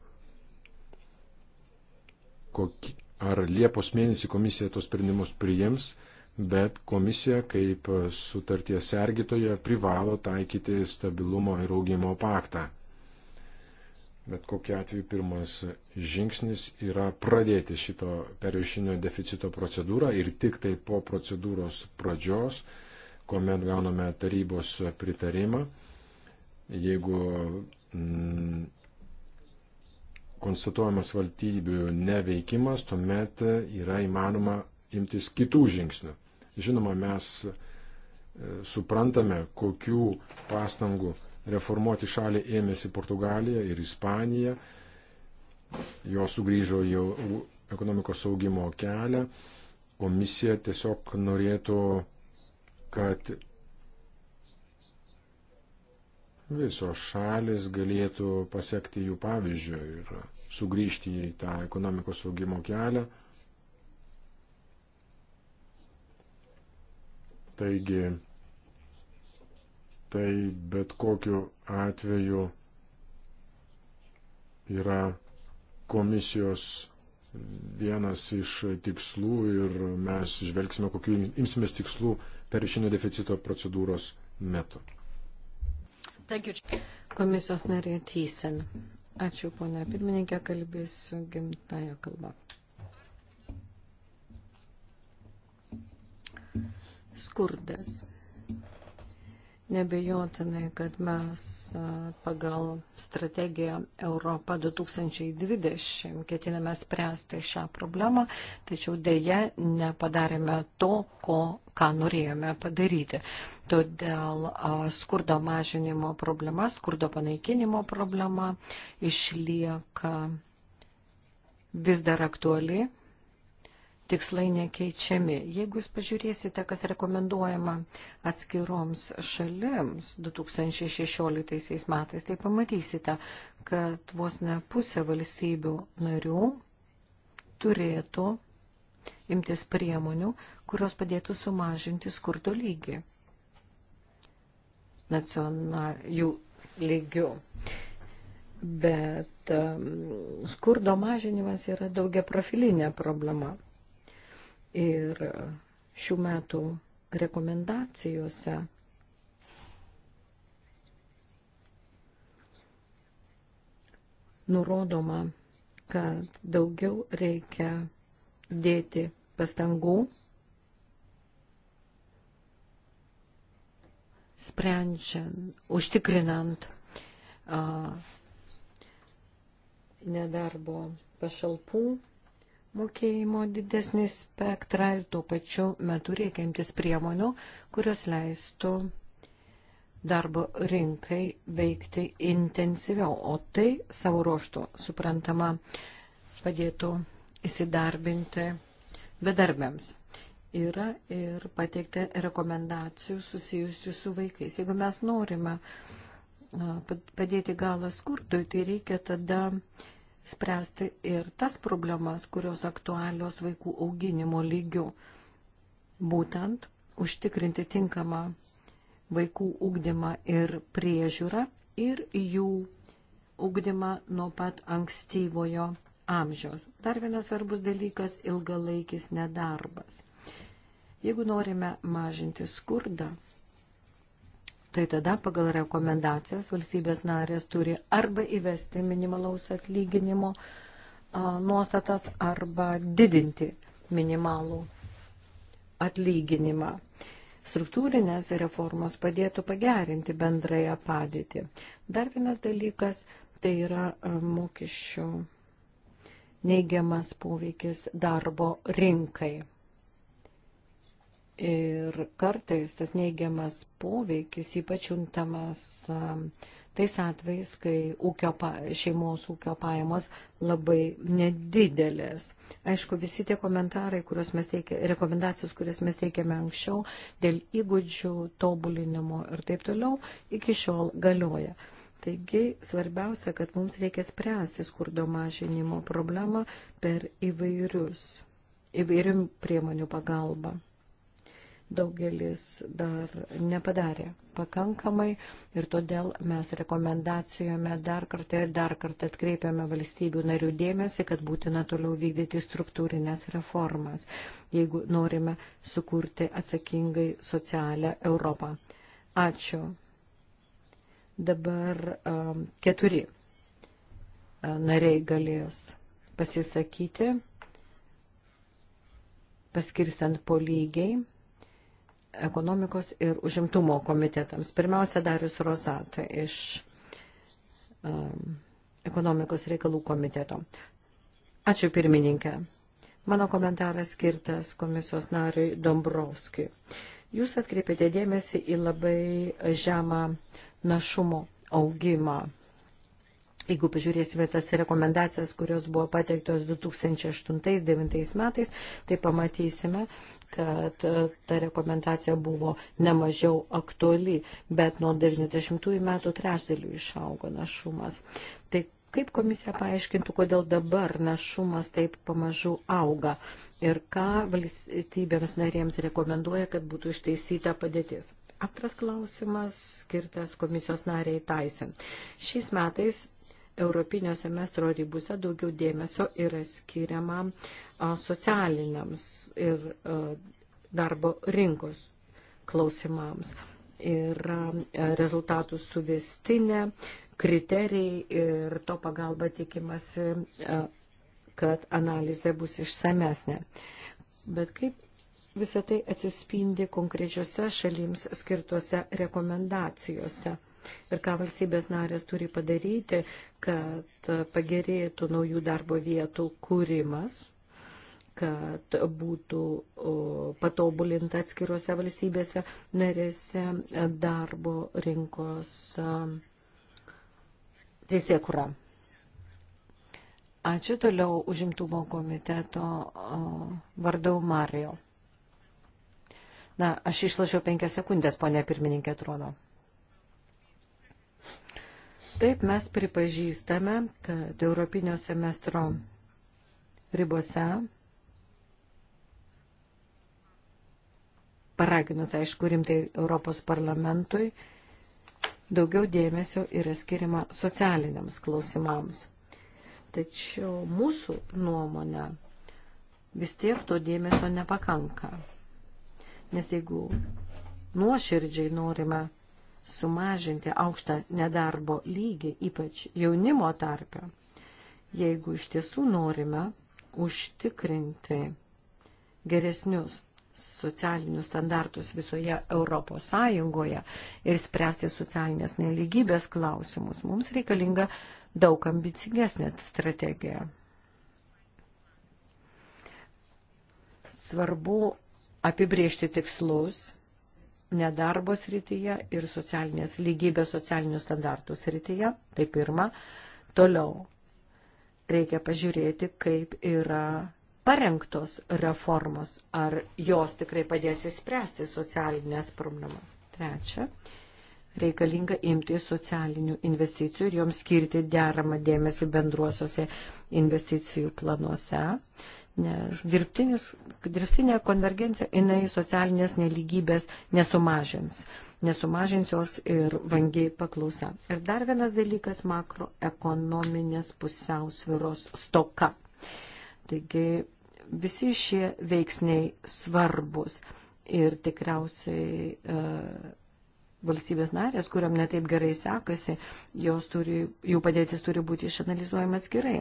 S3: kokį, ar Liepos mėnesį komisija tos sprendimus priims, bet komisija kaip sutarties sergitoje privalo taikyti stabilumo ir augimo paktą. Bet kokia atveju pirmas žingsnis yra pradėti šito periušinio deficito procedūrą ir tik tai po procedūros pradžios, kuomet gauname tarybos pritarimą, jeigu mm, konstatuojamas valstybių neveikimas, tuomet yra įmanoma imtis kitų žingsnių. Žinoma, mes e, suprantame, kokių pastangų reformuoti šalį ėmėsi Portugalija ir Ispanija. Jos sugrįžo į ekonomikos saugimo kelią. Komisija tiesiog norėtų, kad visos šalis galėtų pasiekti jų pavyzdžio ir sugrįžti į tą ekonomikos saugimo kelią. Taigi, tai bet kokiu atveju yra komisijos vienas iš tikslų ir mes žvelgsime, kokiu imsimės tikslų perišinio deficito procedūros metu.
S2: Komisijos narė Tysen. Ačiū, ponia pirmininkė, kalbėsiu gimtają kalbą. skurdas. Nebejotinai, kad mes pagal strategiją Europą 2020 ketiname spręsti šią problemą, tačiau dėje nepadarėme to, ko, ką norėjome padaryti. Todėl skurdo mažinimo problema, skurdo panaikinimo problema išlieka vis dar aktuali tikslai nekeičiami. Jeigu jūs pažiūrėsite, kas rekomenduojama atskiroms šalims 2016 metais, tai pamatysite, kad vos ne pusė valstybių narių turėtų imtis priemonių, kurios padėtų sumažinti skurdo lygį nacionalių lygių. Bet um, skurdo mažinimas yra daugia profilinė problema ir šių metų rekomendacijose nurodoma, kad daugiau reikia dėti pastangų, sprendžiant, užtikrinant a, nedarbo pašalpų mokėjimo didesnį spektrą ir tuo pačiu metu reikia imtis priemonių, kurios leistų darbo rinkai veikti intensyviau, o tai savo ruoštų suprantama padėtų įsidarbinti bedarbėms yra ir pateikta rekomendacijų susijusių su vaikais. Jeigu mes norime padėti galą skurdui, tai reikia tada spręsti ir tas problemas, kurios aktualios vaikų auginimo lygių. Būtent užtikrinti tinkamą vaikų ūkdymą ir priežiūrą ir jų ūkdymą nuo pat ankstyvojo amžiaus. Dar vienas svarbus dalykas - ilgalaikis nedarbas. Jeigu norime mažinti skurdą, tai tada pagal rekomendacijas valstybės narės turi arba įvesti minimalaus atlyginimo nuostatas arba didinti minimalų atlyginimą. Struktūrinės reformos padėtų pagerinti bendrąją padėtį. Dar vienas dalykas tai yra mokesčių neigiamas poveikis darbo rinkai. Ir kartais tas neigiamas poveikis ypač juntamas tais atvejais, kai ūkio, šeimos ūkio pajamos labai nedidelės. Aišku, visi tie komentarai, kuriuos mes teikia, rekomendacijos, kurias mes teikėme anksčiau, dėl įgūdžių, tobulinimo ir taip toliau, iki šiol galioja. Taigi svarbiausia, kad mums reikia spręsti skurdo mažinimo problemą per įvairius, įvairių priemonių pagalbą daugelis dar nepadarė pakankamai ir todėl mes rekomendacijome dar kartą ir dar kartą atkreipiame valstybių narių dėmesį, kad būtina toliau vykdyti struktūrinės reformas, jeigu norime sukurti atsakingai socialią Europą. Ačiū. Dabar um, keturi uh, nariai galės pasisakyti, paskirstant po lygiai ekonomikos ir užimtumo komitetams. Pirmiausia, Darius Rozata iš um, ekonomikos reikalų komiteto. Ačiū pirmininkė. Mano komentaras skirtas komisijos nariui Dombrovskijui. Jūs atkreipėte dėmesį į labai žemą našumo augimą Jeigu pažiūrėsime tas rekomendacijas, kurios buvo pateiktos 2008-2009 metais, tai pamatysime, kad e, ta rekomendacija buvo nemažiau aktuali, bet nuo 90 metų trešdėlių išaugo našumas. Tai kaip komisija paaiškintų, kodėl dabar našumas taip pamažu auga ir ką valstybėms narėms rekomenduoja, kad būtų išteisyta padėtis? Antras klausimas skirtas komisijos nariai Taisin. Šiais metais Europinio semestro ribose daugiau dėmesio yra skiriama socialiniams ir darbo rinkos klausimams. Ir rezultatų suvestinė, kriterijai ir to pagalba tikimasi, kad analizė bus išsamesnė. Bet kaip visą tai atsispindi konkrečiose šalims skirtose rekomendacijose ir ką valstybės narės turi padaryti, kad pagerėtų naujų darbo vietų kūrimas kad būtų patobulinta atskiruose valstybėse narėse darbo rinkos teisėkura. Ačiū toliau užimtumo komiteto vardau Mario. Na, aš išlašiau penkias sekundės, ponė pirmininkė Trono. Taip mes pripažįstame, kad Europinio semestro ribose, paraginus, aišku, rimtai Europos parlamentui, daugiau dėmesio yra skirima socialiniams klausimams. Tačiau mūsų nuomonė vis tiek to dėmesio nepakanka. Nes jeigu nuoširdžiai norime sumažinti aukštą nedarbo lygį, ypač jaunimo tarpę, jeigu iš tiesų norime užtikrinti geresnius socialinius standartus visoje Europos Sąjungoje ir spręsti socialinės neligybės klausimus, mums reikalinga daug ambicingesnė strategija. Svarbu apibriežti tikslus nedarbo srityje ir socialinės lygybės socialinių standartų srityje. Tai pirma. Toliau reikia pažiūrėti, kaip yra parengtos reformos, ar jos tikrai padės įspręsti socialinės problemas. Trečia, reikalinga imti socialinių investicijų ir joms skirti deramą dėmesį bendruosiuose investicijų planuose. Uh, nes dirbtinė konvergencija, jinai socialinės neligybės nesumažins. Nesumažins jos ir vangiai paklausa. Ir dar vienas dalykas - makroekonominės pusiausviros stoka. Taigi visi šie veiksniai svarbus ir tikriausiai e, valstybės narės, kuriam netaip gerai sekasi, turi, jų padėtis turi būti išanalizuojama atskirai.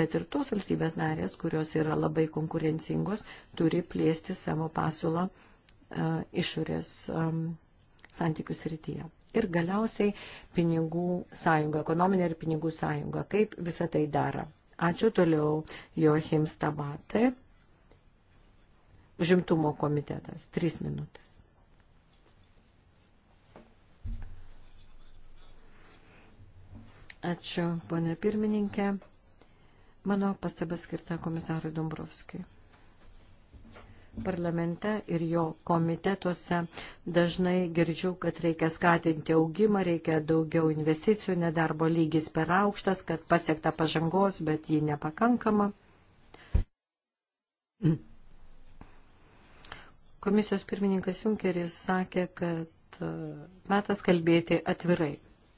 S2: Bet ir tos valstybės narės, kurios yra labai konkurencingos, turi plėsti savo pasiūlą uh, išorės um, santykių srityje. Ir galiausiai pinigų sąjunga, ekonominė ir pinigų sąjunga, kaip visą tai daro. Ačiū toliau Joachim Stabatė, žimtumo komitetas, trys minutės. Ačiū, ponė pirmininkė. Mano pastaba skirta komisarui Dombrovskijui. Parlamente ir jo komitetuose dažnai girdžiu, kad reikia skatinti augimą, reikia daugiau investicijų, nedarbo lygis per aukštas, kad pasiekta pažangos, bet ji nepakankama. Komisijos pirmininkas Junkeris sakė, kad e, metas kalbėti atvirai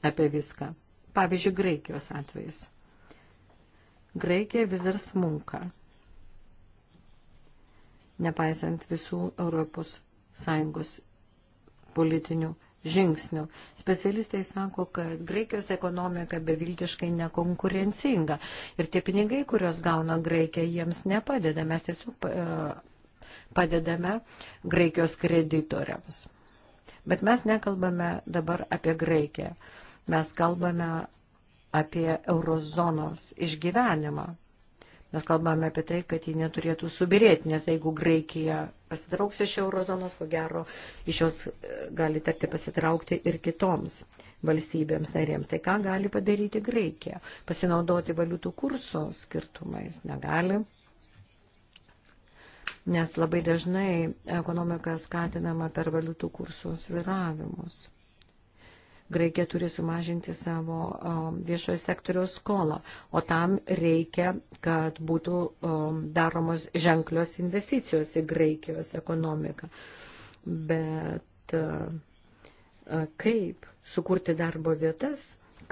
S2: apie viską pavyzdžiui, Graikijos atvejais. Graikija vis dar smunka, nepaisant visų Europos Sąjungos politinių žingsnių. Specialistai sako, kad Graikijos ekonomika beviltiškai nekonkurencinga ir tie pinigai, kuriuos gauna Graikija, jiems nepadeda. Mes tiesiog e, padedame Graikijos kreditoriams. Bet mes nekalbame dabar apie Graikiją. Mes kalbame apie eurozonos išgyvenimą. Mes kalbame apie tai, kad ji neturėtų subirėti, nes jeigu Graikija pasitrauks iš eurozonos, ko gero iš jos e, gali tekti pasitraukti ir kitoms valstybėms narėms. Tai ką gali padaryti Graikija? Pasinaudoti valiutų kurso skirtumais negali. Nes labai dažnai ekonomika skatinama per valiutų kursų sviravimus. Graikija turi sumažinti savo viešojo sektoriaus skolą, o tam reikia, kad būtų daromos ženklios investicijos į Graikijos ekonomiką. Bet kaip sukurti darbo vietas,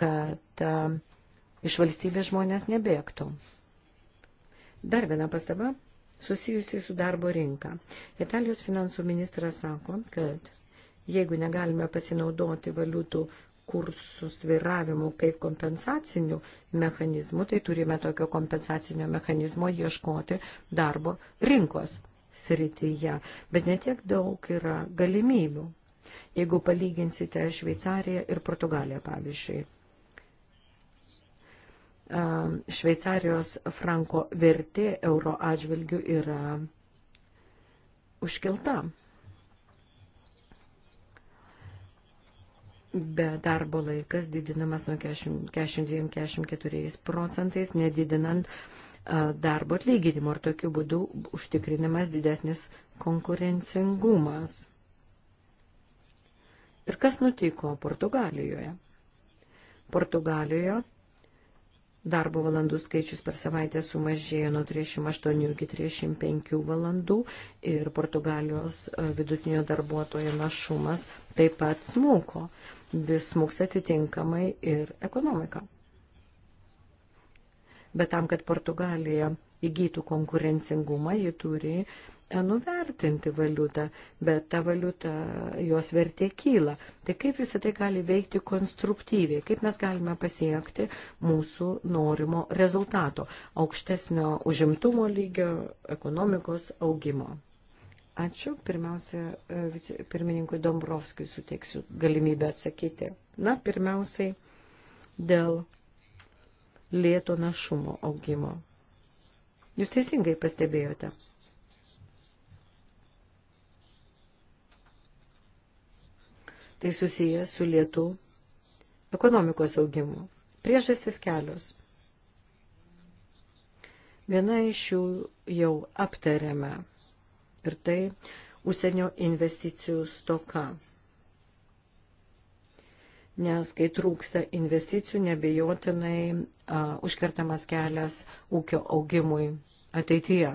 S2: kad iš valstybės žmonės nebėgtų? Dar viena pastaba susijusi su darbo rinka. Italijos finansų ministras sako, kad Jeigu negalime pasinaudoti valiutų kursų sviravimu kaip kompensaciniu mechanizmu, tai turime tokio kompensacinio mechanizmo ieškoti darbo rinkos srityje. Bet netiek daug yra galimybių. Jeigu palyginsite Šveicariją ir Portugaliją, pavyzdžiui. Šveicarijos franko vertė euro atžvilgių yra užkelta. be darbo laikas didinamas nuo 42-44 procentais, nedidinant darbo atlyginimo ir tokiu būdu užtikrinamas didesnis konkurencingumas. Ir kas nutiko Portugalijoje? Portugalijoje darbo valandų skaičius per savaitę sumažėjo nuo 308 iki 305 valandų ir Portugalijos vidutinio darbuotojo našumas taip pat smuko vis smūgs atitinkamai ir ekonomika. Bet tam, kad Portugalija įgytų konkurencingumą, ji turi e, nuvertinti valiutą, bet ta valiuta, jos vertė kyla. Tai kaip visą tai gali veikti konstruktyviai, kaip mes galime pasiekti mūsų norimo rezultato - aukštesnio užimtumo lygio, ekonomikos augimo. Ačiū. Pirmiausia, e, pirmininkui Dombrovskijui suteiksiu galimybę atsakyti. Na, pirmiausiai dėl lėto našumo augimo. Jūs teisingai pastebėjote. Tai susiję su lietu ekonomikos augimu. Priežastis kelios. Viena iš jų jau aptarėme ir tai užsienio investicijų stoka. Nes kai trūksta investicijų, nebejotinai uh, užkertamas kelias ūkio augimui ateityje.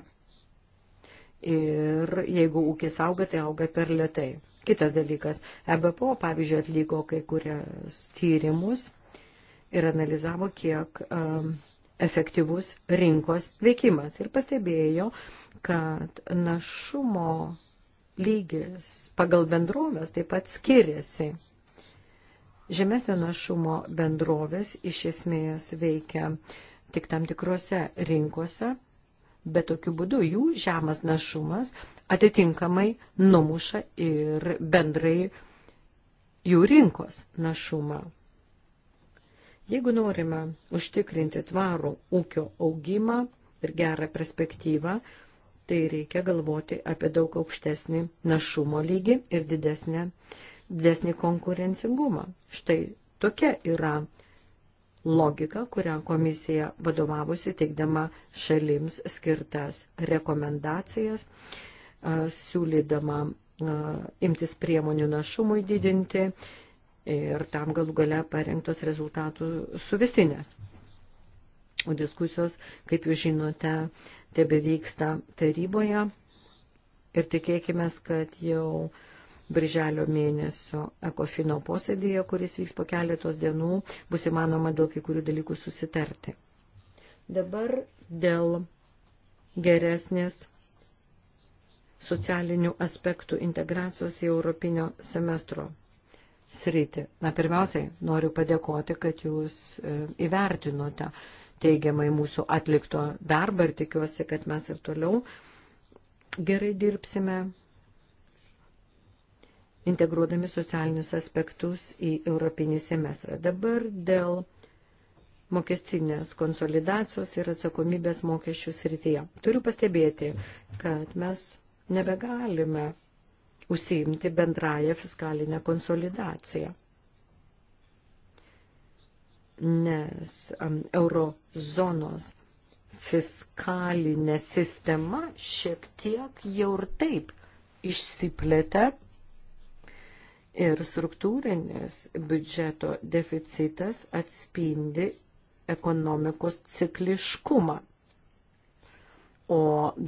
S2: Ir jeigu ūkis auga, tai auga per lietai. Kitas dalykas, EBPO, pavyzdžiui, atlygo kai kurias tyrimus ir analizavo, kiek um, efektyvus rinkos veikimas. Ir pastebėjo, uh, kad našumo lygis pagal bendrovės taip pat skiriasi. Žemesnio našumo bendrovės iš esmės veikia tik tam tikrose rinkose, bet tokiu būdu jų žemas našumas atitinkamai numuša ir bendrai jų rinkos našumą. Jeigu norime užtikrinti tvarų ūkio augimą ir gerą perspektyvą, tai reikia galvoti apie daug aukštesnį našumo lygį ir didesnę, didesnį konkurencingumą. Štai tokia yra logika, kurią komisija vadovavusi teikdama šalims skirtas rekomendacijas, siūlydama imtis priemonių našumui didinti ir tam galų gale parengtos rezultatų suvestinės. O diskusijos, kaip jūs žinote, tebe vyksta taryboje ir tikėkime, kad jau Birželio mėnesio ekofino posėdėje, kuris vyks po keletos dienų, bus įmanoma dėl kai kurių dalykų susitarti. Dabar dėl geresnės socialinių aspektų integracijos į Europinio semestro sritį. Na, pirmiausiai noriu padėkoti, kad jūs e, įvertinote teigiamai mūsų atlikto darbą ir tikiuosi, kad mes ir toliau gerai dirbsime, integruodami socialinius aspektus į Europinį semestrą. Dabar dėl mokestinės konsolidacijos ir atsakomybės mokesčių srityje. Turiu pastebėti, kad mes nebegalime užsiimti bendrąją fiskalinę konsolidaciją nes um, eurozonos fiskalinė sistema šiek tiek jau ir taip išsiplėtė ir struktūrinis biudžeto deficitas atspindi ekonomikos cikliškumą. O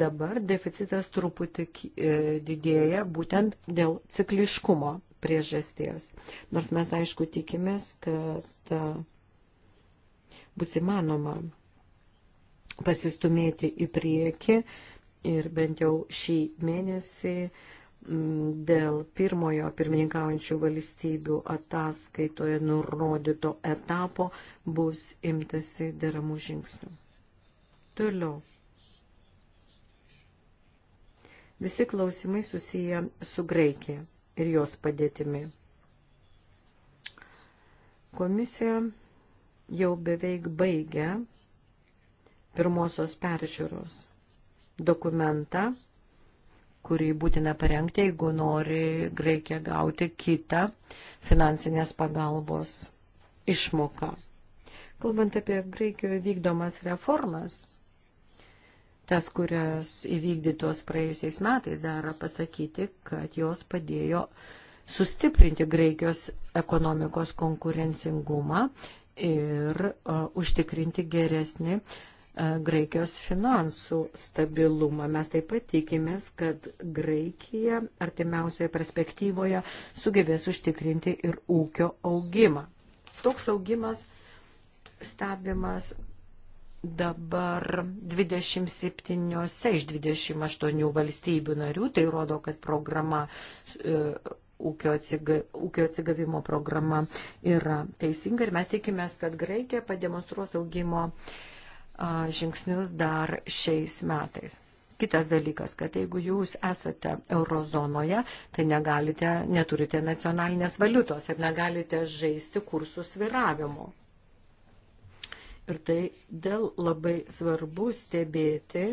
S2: dabar deficitas truputį e, didėja būtent dėl cikliškumo priežasties. Nors mes aišku tikimės, kad e, bus įmanoma pasistumėti į priekį ir bent jau šį mėnesį mm, dėl pirmojo pirmininkaujančių valstybių ataskaitoje nurodyto etapo bus imtasi deramų žingsnių. Toliau. Visi klausimai susiję su Graikija ir jos padėtimi. Komisija jau beveik baigę pirmosios peržiūros dokumentą, kurį būtina parengti, jeigu nori Graikija gauti kitą finansinės pagalbos išmoką. Kalbant apie Graikijoje vykdomas reformas, tas, kurias įvykdytos praėjusiais metais, dera pasakyti, kad jos padėjo sustiprinti Graikijos ekonomikos konkurencingumą ir užtikrinti geresnį Graikijos finansų stabilumą. Mes taip pat tikimės, kad Graikija artimiausioje perspektyvoje sugebės užtikrinti ir ūkio augimą. Toks augimas stebimas dabar 27 iš 28 valstybių narių, tai rodo, kad programa e, ūkio, atsiga, ūkio atsigavimo programa yra teisinga ir mes tikimės, kad Graikija pademonstruos augimo a, žingsnius dar šiais metais. Kitas dalykas, kad jeigu jūs esate eurozonoje, tai negalite, neturite nacionalinės valiutos ir negalite žaisti kursų sviravimo. Ir tai dėl labai svarbu stebėti,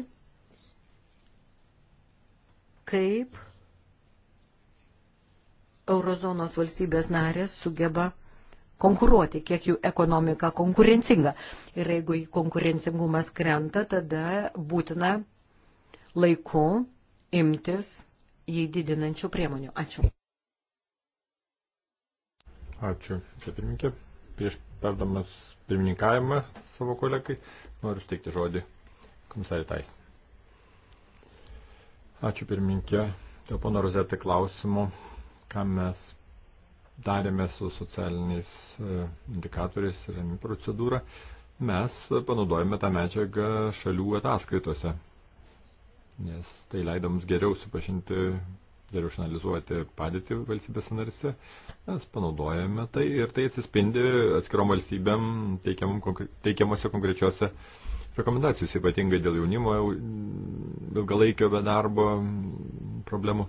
S2: kaip eurozonos valstybės narės sugeba konkuruoti, kiek jų ekonomika konkurencinga. Ir jeigu konkurencingumas krenta, tada būtina laiku imtis jį didinančių priemonių. Ačiū.
S1: Ačiū, vicepirmininkė. Prieš perdamas pirmininkavimą savo kolegai, noriu steikti žodį komisarį Tais. Ačiū pirmininkė. Dėl pono Rozetė klausimų ką mes darėme su socialiniais e, indikatoriais ir procedūra, mes panaudojame tą medžiagą šalių ataskaitose, nes tai leido mums geriau supažinti, geriau išanalizuoti padėtį valstybės narise, mes panaudojame tai ir tai atsispindi atskirom valstybėm teikiamuose konkrečiuose rekomendacijos, ypatingai dėl jaunimo ilgalaikio bedarbo problemų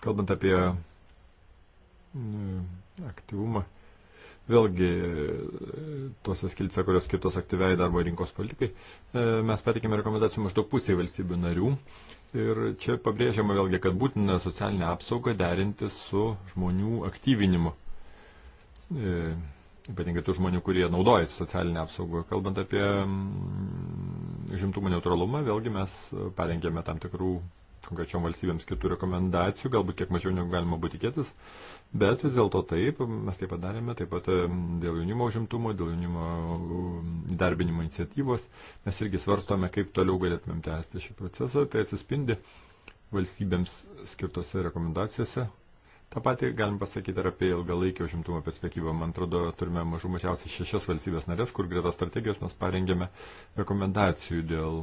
S1: kalbant apie aktyvumą, vėlgi e, tose skilse, kurios kitos aktyviai darbo rinkos politikai, e, mes patikėme rekomendacijų maždaug pusiai valstybių narių. Ir čia pabrėžiama vėlgi, kad būtina socialinę apsaugą derinti su žmonių aktyvinimu. E, ypatingai tų žmonių, kurie naudojasi socialinę apsaugą. Kalbant apie žimtumo neutralumą, vėlgi mes parengėme tam tikrų konkrečiom valstybėms skirtų rekomendacijų, galbūt kiek mažiau negu galima būtų tikėtis, bet vis dėlto taip, mes tai padarėme, taip pat e, dėl jaunimo užimtumo, dėl jaunimo įdarbinimo iniciatyvos, mes irgi svarstome, kaip toliau galėtumėm tęsti šį procesą, tai atsispindi valstybėms skirtose rekomendacijose. Ta pati galim pasakyti ir apie ilgalaikį užimtumo perspektyvą. Man atrodo, turime mažų mažiausiai šešias valstybės narės, kur greta strategijos mes parengėme rekomendacijų dėl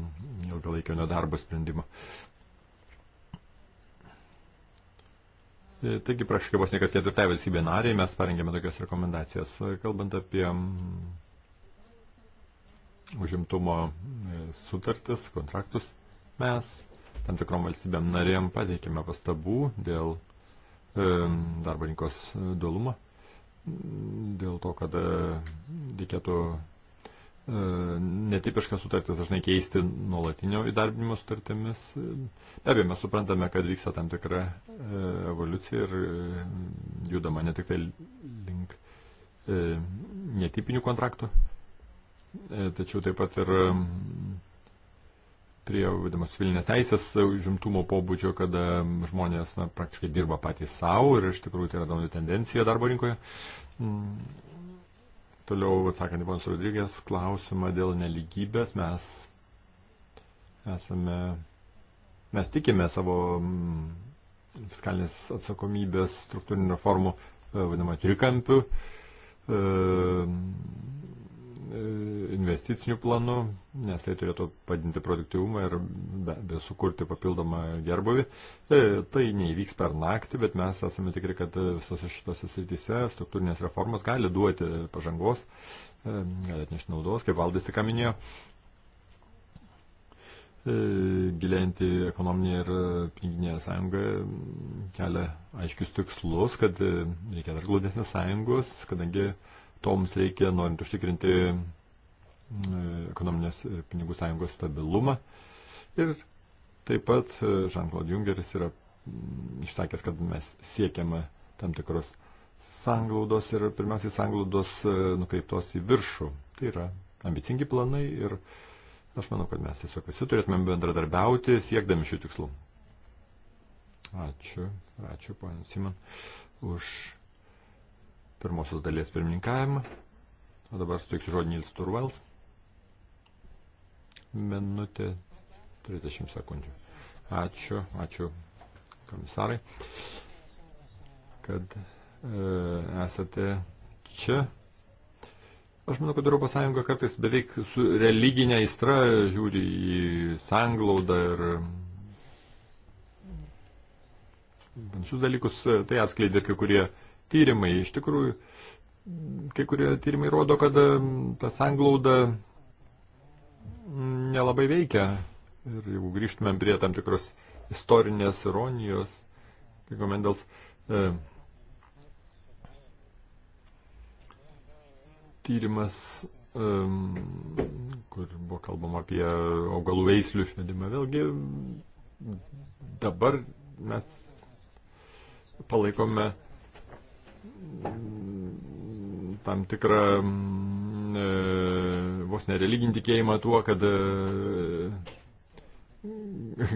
S1: ilgalaikio nedarbo sprendimo. Taigi, prašau, vos niekas ketvirtai valstybė nariai, mes parengėme tokias rekomendacijas. Kalbant apie mm, užimtumo e, sutartis, kontraktus, mes tam tikrom valstybėm narėm pateikėme pastabų dėl e, darbo rinkos e, dualumo, dėl to, kad e, reikėtų E, netipiškas sutartis dažnai keisti nuolatinio įdarbinimo sutartimis. E, be abejo, mes suprantame, kad vyksta tam tikra e, evoliucija ir judama ne tik tai link netipinių kontraktų, tačiau taip pat ir prie vadinamos civilinės teisės užimtumo pobūdžio, kada žmonės na, praktiškai dirba patys savo ir iš tikrųjų tai yra daunų tendencija darbo rinkoje. Mm, Toliau, atsakant į ponas Rodrygės klausimą dėl neligybės, mes esame, mes tikime savo mm, fiskalinės atsakomybės struktūrinių reformų, e, vadinamą trikampių. E, E, investicinių planų, nes tai turėtų padinti produktivumą ir be, be sukurti papildomą gerbuvį. E, tai neįvyks per naktį, bet mes esame tikri, kad visose šitose srityse struktūrinės reformos gali duoti pažangos, e, gali atnešti naudos, kaip valdys tik minėjo gilėjantį ekonominį ir piniginę sąjungą kelia aiškius tikslus, kad reikia dar glaudesnės sąjungos, kadangi uh, to mums reikia, norint užtikrinti e, ekonominės ir e, pinigų sąjungos stabilumą. Ir taip pat e, Jean-Claude Jungeris yra mm, išsakęs, kad mes siekiame tam tikros sanglaudos ir pirmiausiai sanglaudos nukreiptos į viršų. Tai yra ambicingi planai ir aš manau, kad mes tiesiog visi turėtumėm bendradarbiauti siekdami šių tikslų. Ačiū, ačiū, ponė Simon, už pirmosios dalies pirmininkavimą. O dabar suteiksiu žodį Nils Turvals. Minutė 30 sekundžių. Ačiū, ačiū komisarai, kad e, esate čia. Aš manau, kad Europos Sąjunga kartais beveik su religinė aistra žiūri į sanglaudą ir panašius dalykus. E, tai atskleidė kai kurie tyrimai. Iš tikrųjų, kai kurie tyrimai rodo, kad ta sanglauda nelabai veikia. Ir jeigu grįžtumėm prie tam tikros istorinės ironijos, kai Komendels e, tyrimas, e, kur buvo kalbama apie augalų veislių išvedimą, vėlgi dabar mes palaikome e, tam tikrą mm, e, vos nereliginį tikėjimą tuo, kad e,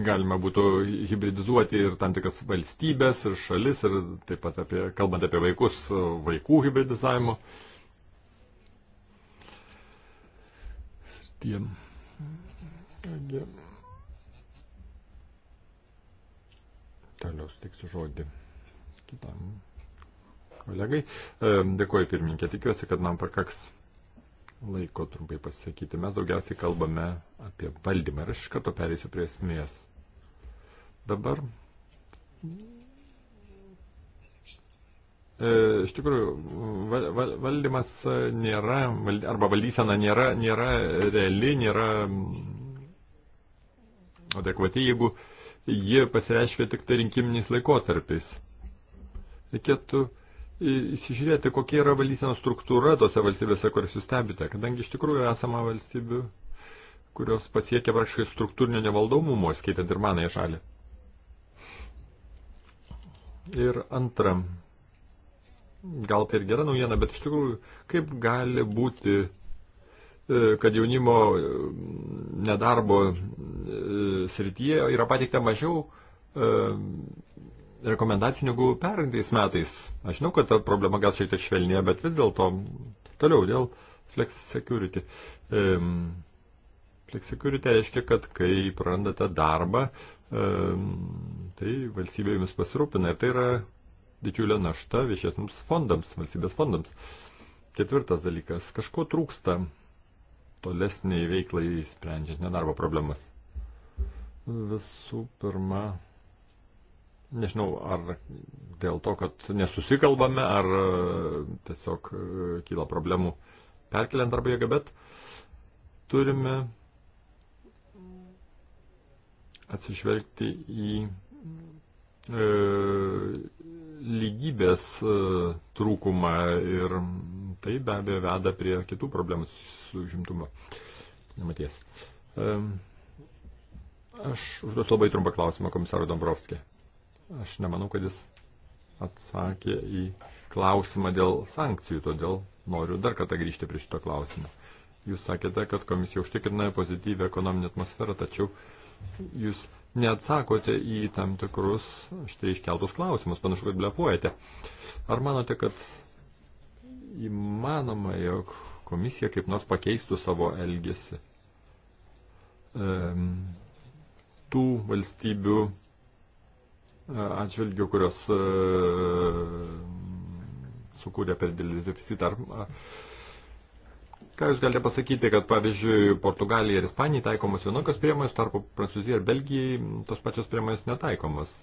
S1: galima būtų hybridizuoti ir tam tikras valstybės, ir šalis, ir taip pat apie, kalbant apie vaikus, vaikų hybridizavimo. Tiem. Toliau stiksiu žodį kitam kolegai. E, dėkuoju pirmininkė, tikiuosi, kad man pakaks laiko trumpai pasisakyti. Mes daugiausiai kalbame apie valdymą ir aš iš karto pereisiu prie esmės. Dabar. E, iš tikrųjų, val, val, valdymas nėra, val, arba valdysena nėra, nėra reali, nėra adekvati, jeigu ji pasireiškia tik tai rinkiminiais laikotarpiais. Reikėtų įsižiūrėti, kokia yra valdysenos struktūra tose valstybėse, kurias jūs stebite, kadangi iš tikrųjų esama valstybių, kurios pasiekia praktiškai struktūrinio nevaldomumo, skaitant ir manąją šalį. Ir antra, gal tai ir gera naujiena, bet iš tikrųjų, kaip gali būti e, kad jaunimo e, nedarbo e, srityje yra pateikta mažiau rekomendacijų negu pernais metais. Aš žinau, kad ta problema gal šiek tiek švelnėja, bet vis dėlto toliau dėl flex security. Um, flex security reiškia, kad kai prarandate darbą, um, tai valstybė jumis pasirūpina ir tai yra didžiulė našta viešiesiams fondams, valstybės fondams. Ketvirtas dalykas, kažko trūksta tolesniai veiklai sprendžiant nedarbo problemas. Visų pirma, Nežinau, ar dėl to, kad nesusikalbame, ar e, tiesiog e, kyla problemų perkeliant darbo jėgą, bet turime atsižvelgti į e, lygybės e, trūkumą ir tai be abejo veda prie kitų problemų su žimtumu. Nematies. E, aš užduosiu labai trumpą klausimą komisarui Dombrovskijai. Aš nemanau, kad jis atsakė į klausimą dėl sankcijų, todėl noriu dar kartą grįžti prie šito klausimo. Jūs sakėte, kad komisija užtikrina pozityvę ekonominę atmosferą, tačiau jūs neatsakote į tam tikrus štai iškeltus klausimus, panašu, kad blefuojate. Ar manote, kad įmanoma, jog komisija kaip nors pakeistų savo elgesį? Um, tų valstybių atžvilgių, kurios e, sukūrė per didelį deficitą. Ar, ką Jūs galite pasakyti, kad pavyzdžiui Portugalija ir Ispanija taikomos vienokios priemonės, tarpu Prancūzija ir Belgija tos pačios priemonės netaikomos?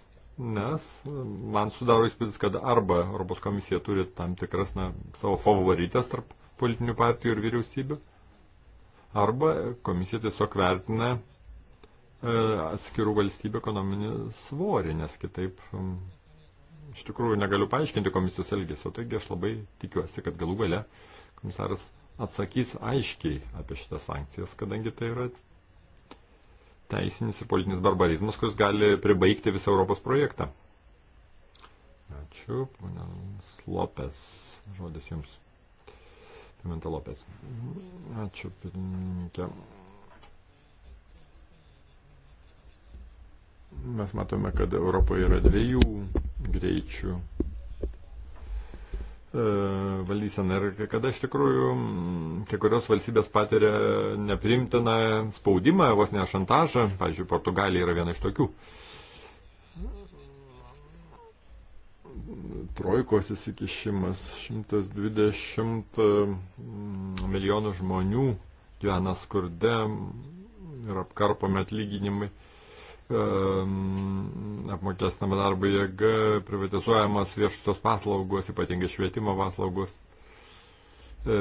S1: Nes e, man sudaro įspūdis, kad arba Europos komisija turi tam tikras na, savo favoritės tarp politinių partijų ir vyriausybių, arba komisija tiesiog vertina E, atskirų valstybių ekonominį svorį, nes kitaip iš tikrųjų negaliu paaiškinti komisijos elgesio. Taigi aš labai tikiuosi, kad galų gale komisaras atsakys aiškiai apie šitas sankcijas, kadangi tai yra teisinis ir politinis barbarizmas, kuris gali pribaigti visą Europos projektą. Ačiū, ponia Lopes. Žodis jums. Pimenta Lopes. Ačiū, pirmininkė. mes matome, kad Europoje yra dviejų greičių e, valdysena ir kada iš tikrųjų mm, kai kurios valstybės patiria neprimtiną spaudimą, vos ne šantažą, pavyzdžiui, Portugalija yra viena iš tokių. Trojkos įsikišimas 120 e, mm, milijonų žmonių gyvena skurde ir apkarpomi atlyginimai Ehm, apmokestinama darbo jėga, privatizuojamos viešusios paslaugos, ypatingai švietimo paslaugos, e,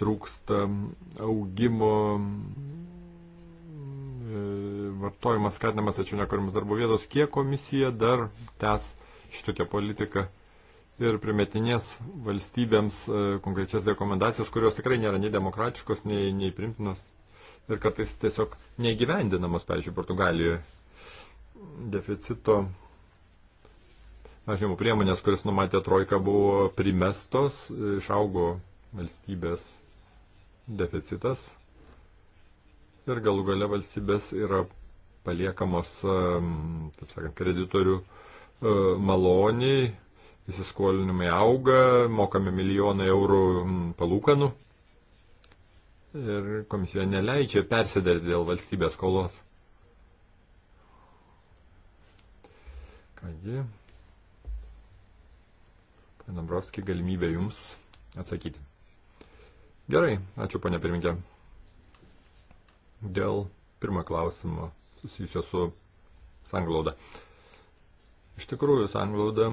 S1: trūksta augimo, e, vartojimas skatinamas, tačiau nekurimas darbo vietos, kiek komisija dar tęs šitokią politiką ir primetinės valstybėms e, konkrečias rekomendacijas, kurios tikrai nėra nei demokratiškos, nei, nei primtinos ir kartais tiesiog neįgyvendinamos, pavyzdžiui, Portugalijoje deficito mažinimo priemonės, kuris numatė trojka, buvo primestos, išaugo valstybės deficitas ir galų gale valstybės yra paliekamos, taip sakant, kreditorių e, maloniai, įsiskolinimai auga, mokami milijonai eurų palūkanų ir komisija neleidžia persidaryti dėl valstybės skolos. Kągi, pane Dombrovski, galimybė jums atsakyti. Gerai, ačiū pane pirmininkė. Dėl pirmo klausimo susijusio su sanglauda. Iš tikrųjų, sanglauda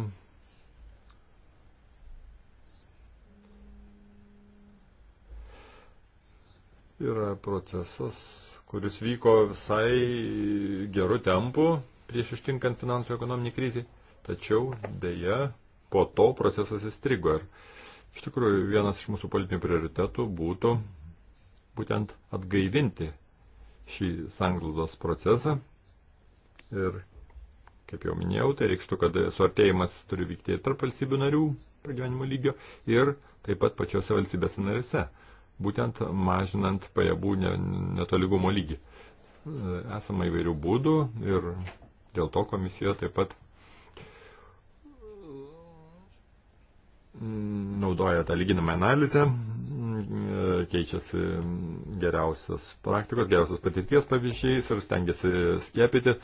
S1: yra procesas, kuris vyko visai geru tempu prieš ištinkant finansų ekonominį krizį, tačiau dėja po to procesas įstrigo. Ir iš tikrųjų vienas iš mūsų politinių prioritetų būtų būtent atgaivinti šį sanglaudos procesą. Ir, kaip jau minėjau, tai reikštų, kad suartėjimas turi vykti tarp valstybių narių pragyvenimo lygio ir taip pat pačiose valstybėse narise būtent mažinant pajamų netolygumo lygį. Esama įvairių būdų ir dėl to komisija taip pat naudoja tą lyginamą analizę, keičiasi geriausios praktikos, geriausios patirties pavyzdžiais ir stengiasi skiepyti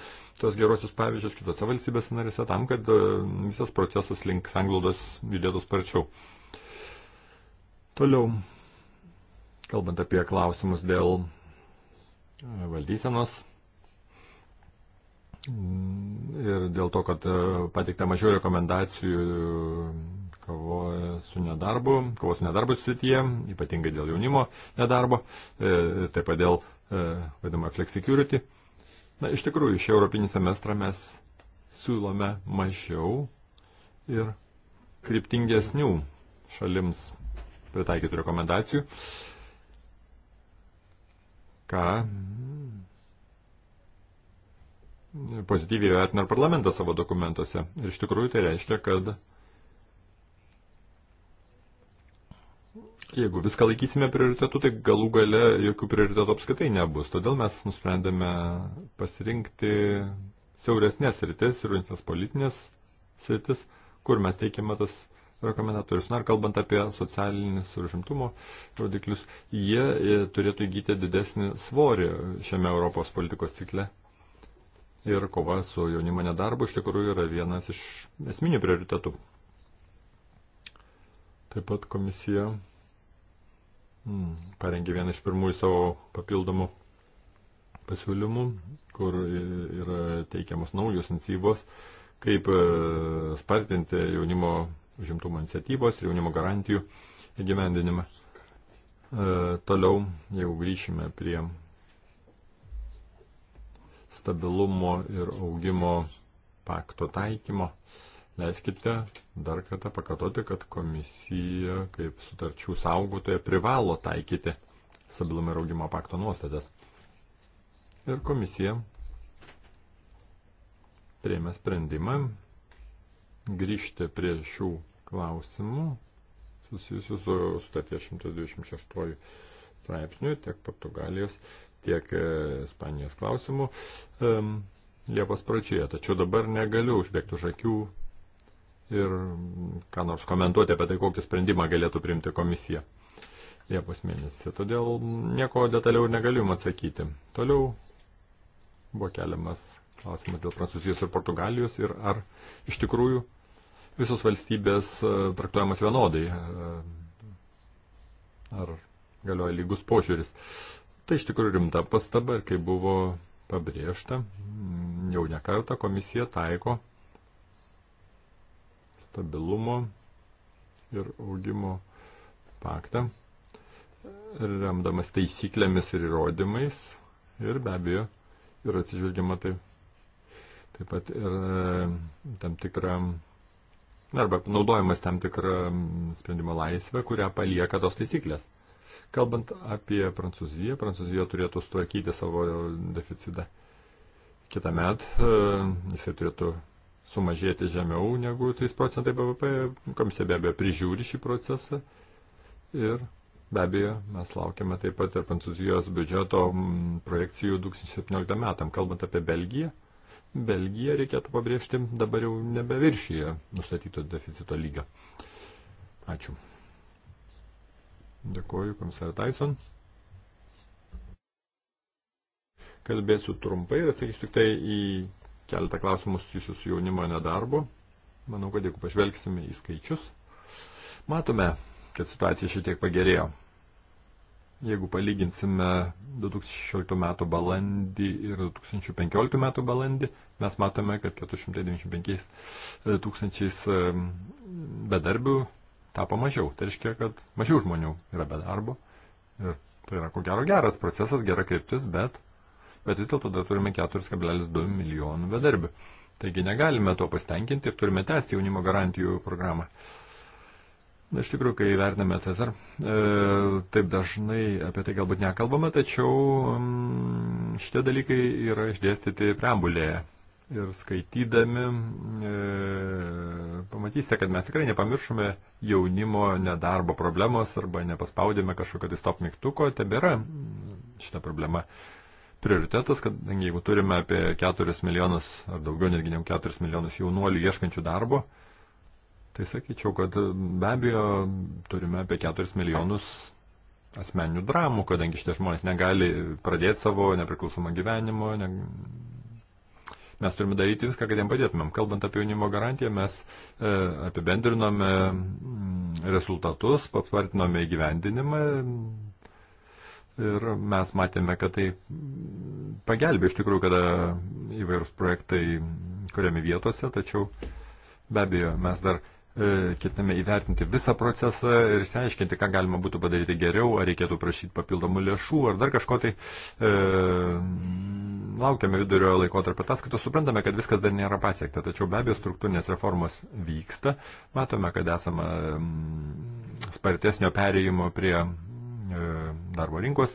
S1: tos gerosius pavyzdžius kitose valstybės narėse tam, kad e, visas procesas link sanglaudos judėtų sparčiau. Toliau Kalbant apie klausimus dėl e, valdysenos ir dėl to, kad e, pateikta mažiau rekomendacijų kovoje su nedarbu, kovos su nedarbu srityje, ypatingai dėl jaunimo nedarbo, e, taip pat dėl vadinamą flexicurity. Na, iš tikrųjų, šį europinį semestrą mes siūlome mažiau ir kryptingesnių šalims pritaikytų rekomendacijų. E, ką pozityviai vertina ir parlamentas savo dokumentuose. Ir iš tikrųjų tai reiškia, kad jeigu viską laikysime prioritetu, tai galų gale jokių prioritetų apskaitai nebus. Todėl mes nusprendėme pasirinkti siauresnės sritis ir politinės sritis, kur mes teikiame tas rekomendatorius. Na ir kalbant apie socialinis ir užimtumo rodiklius, jie e, turėtų įgyti didesnį svorį šiame Europos politikos cikle. Ir kova su jaunimo nedarbu iš tikrųjų yra vienas iš esminių prioritetų. Taip pat komisija hmm, parengė vieną iš pirmųjų savo papildomų pasiūlymų, kur yra teikiamos naujos iniciatyvos, kaip e, spartinti jaunimo užimtumo iniciatyvos ir jaunimo garantijų įgyvendinimą. E, toliau, jeigu grįšime prie stabilumo ir augimo pakto taikymo, leiskite dar kartą pakartoti, kad komisija kaip sutarčių saugotoja privalo taikyti stabilumo ir augimo pakto nuostatas. Ir komisija prieėmė sprendimą grįžti prie šių klausimų susijusių su statė 126 straipsniu tiek Portugalijos, tiek e, Ispanijos klausimų um, Liepos pradžioje. Tačiau dabar negaliu užbėgti už akių ir ką nors komentuoti apie tai, kokį sprendimą galėtų priimti komisija Liepos mėnesį. Todėl nieko detaliau negaliu jums atsakyti. Toliau buvo keliamas klausimas dėl Prancūzijos ir Portugalijos ir ar iš tikrųjų visos valstybės e, traktuojamas vienodai. E, ar galioja lygus požiūris. Tai iš tikrųjų rimta pastaba ir kaip buvo pabrėžta, jau nekarta komisija taiko stabilumo ir augimo paktą, remdamas taisyklėmis ir įrodymais ir be abejo ir atsižvelgiama taip, taip pat ir e, tam tikram arba naudojimas tam tikrą sprendimo laisvę, kurią palieka tos taisyklės. Kalbant apie Prancūziją, Prancūzija turėtų sutvarkyti savo deficitą. Kitą metą e, jisai turėtų sumažėti žemiau negu 3 procentai BVP, komisija be abejo prižiūri šį procesą ir be abejo mes laukiame taip pat ir Prancūzijos biudžeto projekcijų 2017 metam. Kalbant apie Belgiją, Belgija, reikėtų pabrėžti, dabar jau nebeviršyje nustatyto deficito lygio. Ačiū. Dėkuoju, komisarė Tyson. Kalbėsiu trumpai ir atsakysiu tik tai į keletą klausimų susijusių su jaunimo nedarbu. Manau, kad jeigu pažvelgsime į skaičius, matome, kad situacija šitiek pagerėjo. Jeigu palyginsime 2016 m. balandį ir 2015 m. balandį, mes matome, kad 495 tūkstančiais bedarbių tapo mažiau. Tai reiškia, kad mažiau žmonių yra be darbo. Ir tai yra ko gero geras procesas, gera kryptis, bet, bet vis dėlto dar turime 4,2 milijonų bedarbių. Taigi negalime to pasitenkinti ir turime tęsti jaunimo garantijų programą. Uh, Na, iš tikrųjų, kai vertiname Cezar, e, taip dažnai apie tai galbūt nekalbame, tačiau m, mm, šitie dalykai yra išdėstyti preambulėje. Ir skaitydami e, pamatysite, kad mes tikrai nepamiršome jaunimo nedarbo problemos arba nepaspaudėme kažkokio tai stop mygtuko, tebėra mm, šita problema. Prioritetas, kadangi jeigu turime apie 4 milijonus ar daugiau, netgi ne 4 milijonus jaunuolių ieškančių darbo, Tai sakyčiau, kad be abejo turime apie 4 milijonus asmeninių dramų, kadangi šitie žmonės negali pradėti savo nepriklausomą gyvenimo. Ne... Mes turime daryti viską, kad jiem padėtumėm. Kalbant apie jaunimo garantiją, mes e, apibendrinome mm, rezultatus, patvirtinome įgyvendinimą ir mes matėme, kad tai pagelbė iš tikrųjų, kada įvairūs projektai kuriami vietose, tačiau be abejo mes dar E, ketiname įvertinti visą procesą ir išsiaiškinti, ką galima būtų padaryti geriau, ar reikėtų prašyti papildomų lėšų, ar dar kažko tai. E, laukiame vidurio laiko tarp ataskaitos, suprantame, kad viskas dar nėra pasiekta, tačiau be abejo struktūrinės reformos vyksta, matome, kad esame mm, spartesnio perėjimo prie E, darbo rinkos,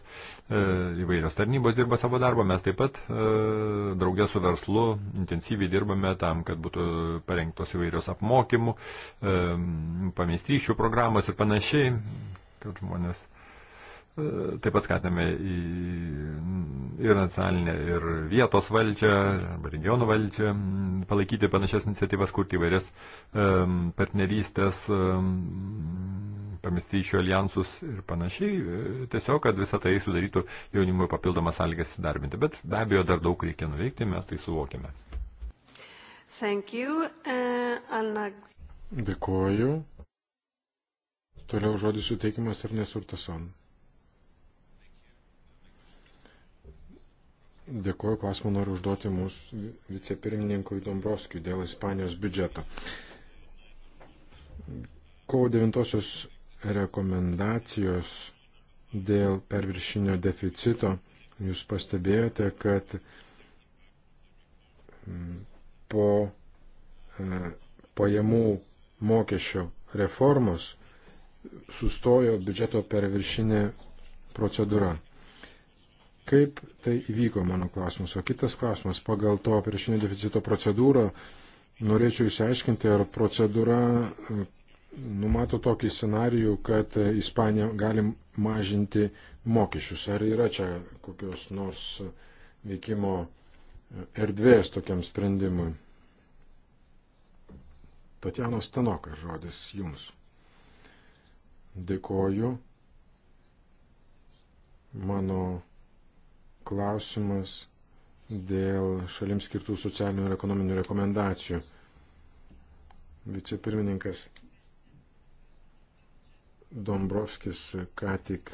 S1: e, įvairios tarnybos dirba savo darbą, mes taip pat e, draugė su verslu intensyviai dirbame tam, kad būtų parengtos įvairios apmokymų, pameistyšių programos ir panašiai, kad žmonės taip pat skatiname ir nacionalinę, ir vietos valdžią, arba regionų valdžią palaikyti panašias iniciatyvas, kurti įvairias partnerystės pamestryčio alijansus ir panašiai, tiesiog, kad visą tai sudarytų jaunimui papildomas sąlygas įdarbinti. Bet be abejo, dar daug reikia nuveikti, mes tai suvokiame.
S2: Uh,
S1: Dėkuoju.
S3: Toliau žodis suteikimas ir nesurtason. Dėkuoju, klausimą noriu užduoti mūsų vicepirmininkui Dombrovskijui dėl Ispanijos biudžeto. Kovo 9 rekomendacijos dėl perviršinio deficito, jūs pastebėjote, kad mm, po e, pajamų mokesčio reformos sustojo biudžeto perviršinė procedūra. Kaip tai įvyko, mano klausimas. O kitas klausimas, pagal to perviršinio deficito procedūrą norėčiau išsiaiškinti, ar procedūra numato tokį scenarijų, kad Ispanija gali mažinti mokesčius. Ar yra čia kokios nors veikimo erdvės tokiam sprendimui? Tatjanos Stanokas žodis jums. Dėkoju. Mano klausimas dėl šalims skirtų socialinių ir ekonominių rekomendacijų. Vicepirmininkas Dombrovskis ką tik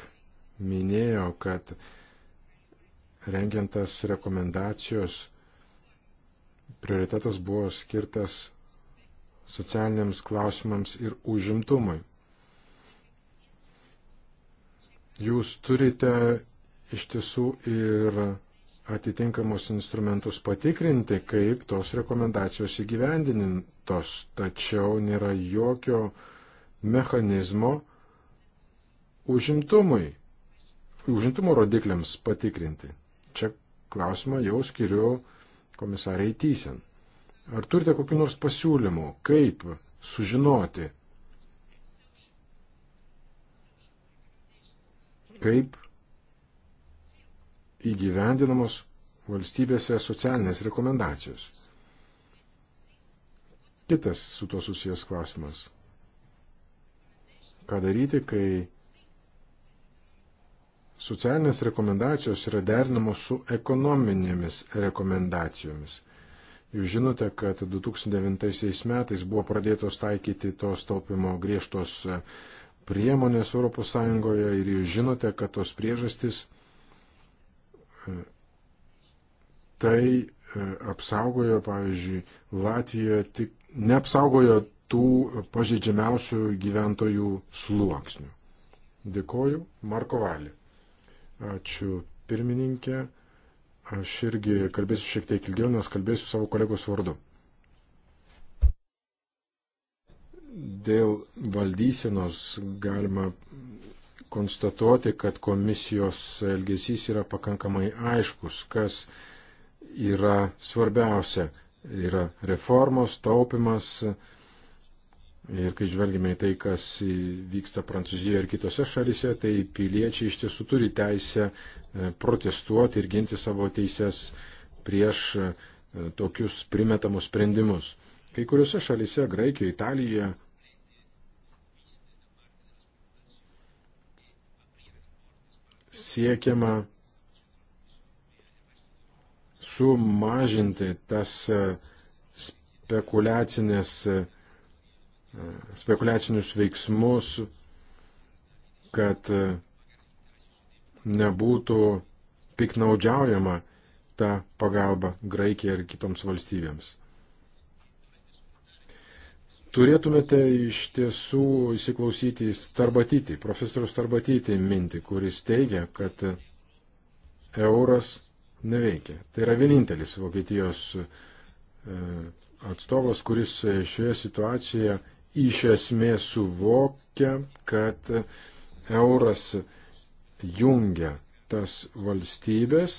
S3: minėjo, kad rengiantas rekomendacijos prioritetas buvo skirtas socialiniams klausimams ir užimtumui. Jūs turite iš tiesų ir atitinkamus instrumentus patikrinti, kaip tos rekomendacijos įgyvendintos, tačiau nėra jokio mechanizmo, užimtumui, užimtumo rodikliams patikrinti. Čia klausimą jau skiriu komisariai Tysen. Ar turite kokiu nors pasiūlymu, kaip sužinoti, kaip įgyvendinamos valstybėse socialinės rekomendacijos? Kitas su tuo susijęs klausimas. Ką daryti, kai Socialinės rekomendacijos yra derinamos su ekonominėmis rekomendacijomis. Jūs žinote, kad 2009 metais buvo pradėtos taikyti tos taupimo griežtos e, priemonės ES ir jūs žinote, kad tos priežastis e, tai e, apsaugojo, pavyzdžiui, Latvijoje tik neapsaugojo tų pažeidžiamiausių gyventojų sluoksnių. Dėkoju, Marko Valį. Ačiū pirmininkė. Aš irgi kalbėsiu šiek tiek ilgiau, nes kalbėsiu savo kolegos vardu. Dėl valdysenos galima konstatuoti, kad komisijos elgesys yra pakankamai aiškus, kas yra svarbiausia. Yra reformos, taupimas, Ir kai žvelgime į tai, kas vyksta Prancūzijoje ir kitose šalise, tai piliečiai iš tiesų turi teisę e, protestuoti ir ginti savo teises prieš e, tokius primetamus sprendimus. Kai kuriuose šalise, Graikijoje, Italijoje, siekiama sumažinti tas e, spekulacinės spekuliacinius veiksmus, kad e, nebūtų piknaudžiaujama ta pagalba Graikijai ir kitoms valstybėms. Turėtumėte iš tiesų įsiklausyti į Starbatytį, profesorius Starbatytį mintį, kuris teigia, kad euras neveikia. Tai yra vienintelis Vokietijos e, atstovas, kuris e, šioje situacijoje iš esmės suvokia, kad euras jungia tas valstybės,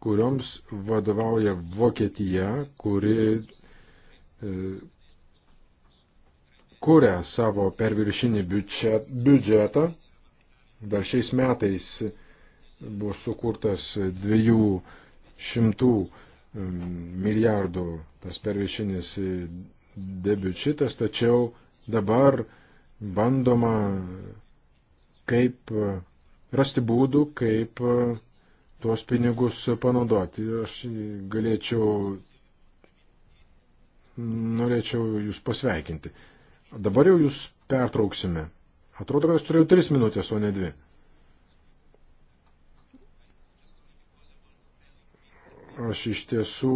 S3: kurioms vadovauja Vokietija, kuri e, kuria savo perviršinį biudžetą. Dar šiais metais buvo sukurtas 200 milijardų tas perviršinis debiučitas, tačiau dabar bandoma kaip e, rasti būdų, kaip e, tuos pinigus panaudoti. Aš galėčiau, norėčiau jūs pasveikinti. Dabar jau jūs pertrauksime. Atrodo, kad aš turėjau tris minutės, o ne dvi. Aš iš tiesų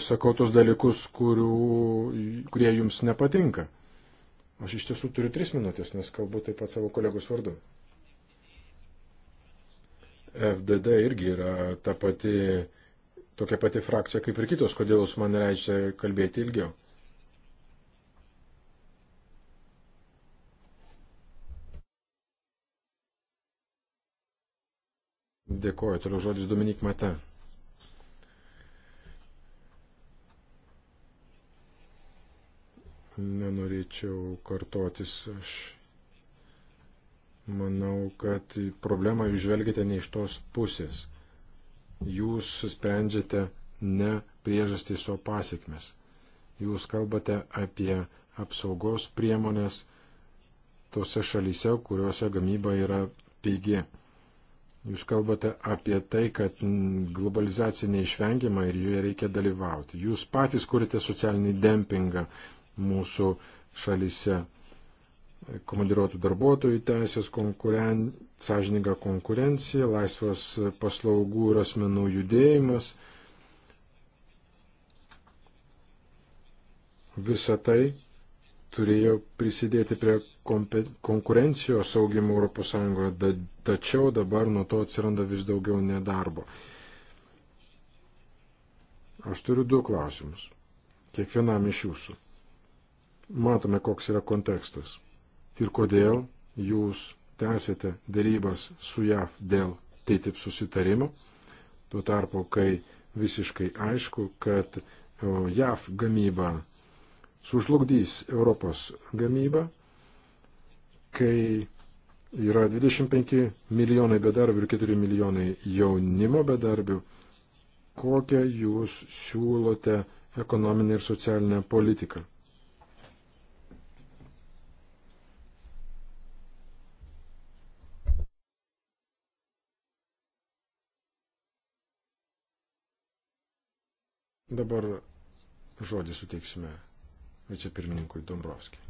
S3: sakau tos dalykus, kurių, kurie jums nepatinka. Aš iš tiesų turiu tris minutės, nes kalbu taip pat savo kolegos vardu. FDD irgi yra ta pati, tokia pati frakcija kaip ir kitos, kodėl jūs man leidžia kalbėti ilgiau. Dėkuoju, toliau žodis Dominik Mate. nenorėčiau kartotis. Aš manau, kad problemą jūs žvelgite ne iš tos pusės. Jūs sprendžiate ne priežastys, o pasiekmes. Jūs kalbate apie apsaugos priemonės tose šalyse, kuriuose gamyba yra pigi. Jūs kalbate apie tai, kad globalizacija neišvengiama ir joje reikia dalyvauti. Jūs patys kurite socialinį dempingą, mūsų šalise. Komandiruotų darbuotojų teisės, konkuren... sąžininga konkurencija, laisvas paslaugų ir asmenų judėjimas. Visa tai turėjo prisidėti prie konkurencijos augimo ES, tačiau dabar nuo to atsiranda vis daugiau nedarbo. Aš turiu du klausimus. Kiekvienam iš jūsų matome, koks yra kontekstas ir kodėl jūs tęsėte dėrybas su JAV dėl TTIP susitarimo, tuo tarpu, kai visiškai aišku, kad e, JAV gamyba sužlugdys Europos gamybą, kai yra 25 milijonai bedarbių ir 4 milijonai jaunimo bedarbių, kokią jūs siūlote ekonominę ir socialinę politiką dabar žodį suteiksime vicepirmininkui Dombrovskijai.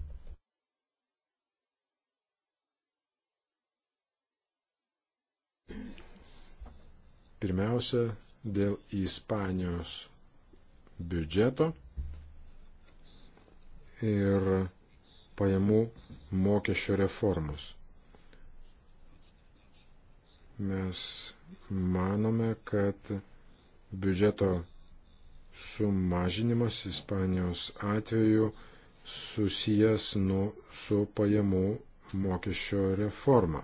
S3: Pirmiausia, dėl Ispanijos biudžeto ir pajamų mokesčio reformos. Mes manome, kad biudžeto sumažinimas Ispanijos atveju susijęs nu, su pajamų mokesčio reforma.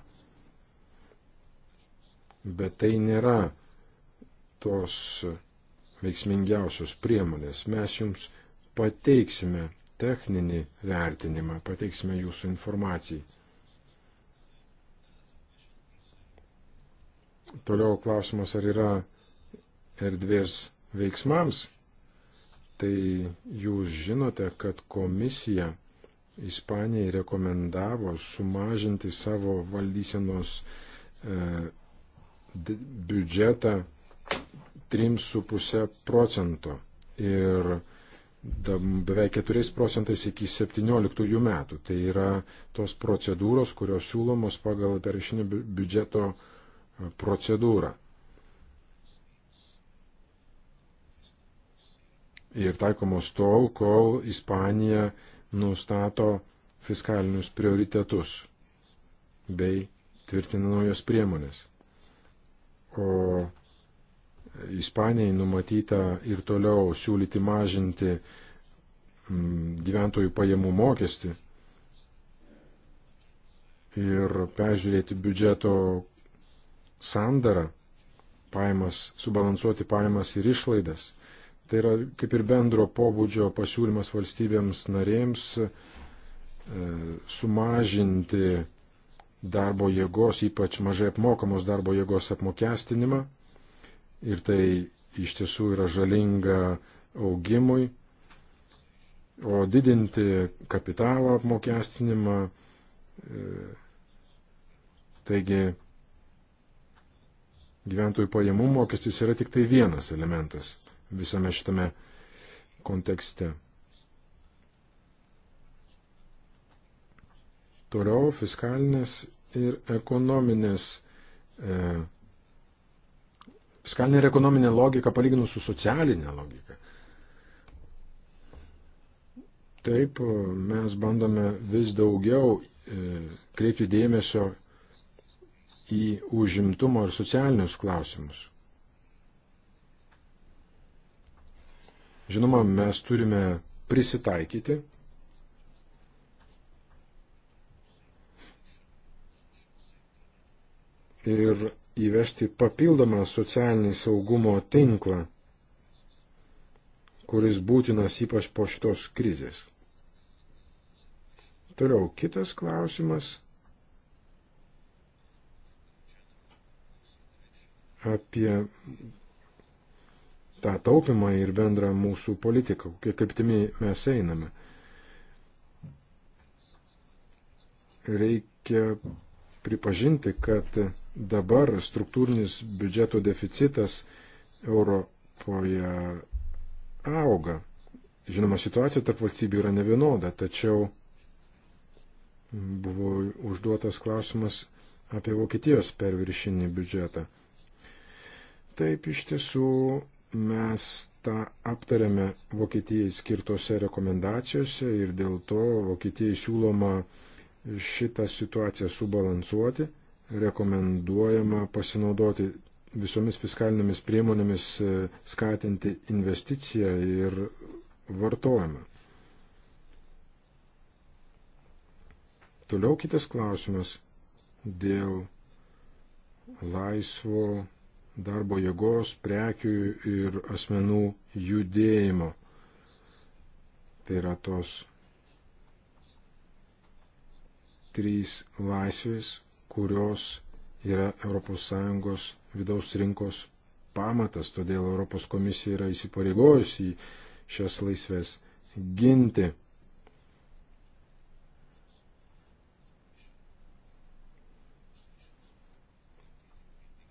S3: Bet tai nėra tos veiksmingiausios priemonės. Mes jums pateiksime techninį vertinimą, pateiksime jūsų informacijai. Toliau klausimas, ar yra erdvės veiksmams tai jūs žinote, kad komisija Ispanijai rekomendavo sumažinti savo valdysenos e, biudžetą 3,5 procento ir beveik 4 procentais iki 17 metų. Tai yra tos procedūros, kurios siūlomos pagal peršinio biudžeto e, procedūrą. ir taikomos tol, kol Ispanija nustato fiskalinius prioritetus bei tvirtina naujas priemonės. O Ispanijai numatyta ir toliau siūlyti mažinti mm, gyventojų pajamų mokestį ir peržiūrėti biudžeto sandarą, pajamas, subalansuoti pajamas ir išlaidas. Tai yra kaip ir bendro pobūdžio pasiūlymas valstybėms narėms e, sumažinti darbo jėgos, ypač mažai apmokamos darbo jėgos apmokestinimą. Ir tai iš tiesų yra žalinga augimui. O didinti kapitalo apmokestinimą, e, taigi gyventojų pajamų mokestis yra tik tai vienas elementas visame šitame kontekste. Toliau fiskalinės ir ekonominės. E, fiskalinė ir ekonominė logika palyginus su socialinė logika. Taip, e, mes bandome vis daugiau e, kreipti dėmesio į užimtumo ir socialinius klausimus. Žinoma, mes turime prisitaikyti. Ir įvesti papildomą socialinį saugumo tinklą, kuris būtinas ypač po šitos krizės. Toliau kitas klausimas apie tą taupimą ir bendrą mūsų politiką, kokie kryptimi mes einame. Reikia pripažinti, kad dabar struktūrinis biudžeto deficitas Europoje auga. Žinoma, situacija tarp valstybių yra nevienoda, tačiau buvo užduotas klausimas apie Vokietijos perviršinį biudžetą. Taip iš tiesų Mes tą aptarėme Vokietijai skirtose rekomendacijose ir dėl to Vokietijai siūloma šitą situaciją subalansuoti, rekomenduojama pasinaudoti visomis fiskalinėmis priemonėmis e, skatinti investiciją ir vartojimą. Toliau kitas klausimas dėl laisvo darbo jėgos, prekių ir asmenų judėjimo. Tai yra tos trys laisvės, kurios yra ES vidaus rinkos pamatas, todėl Europos komisija yra įsipareigojusi šias laisvės ginti.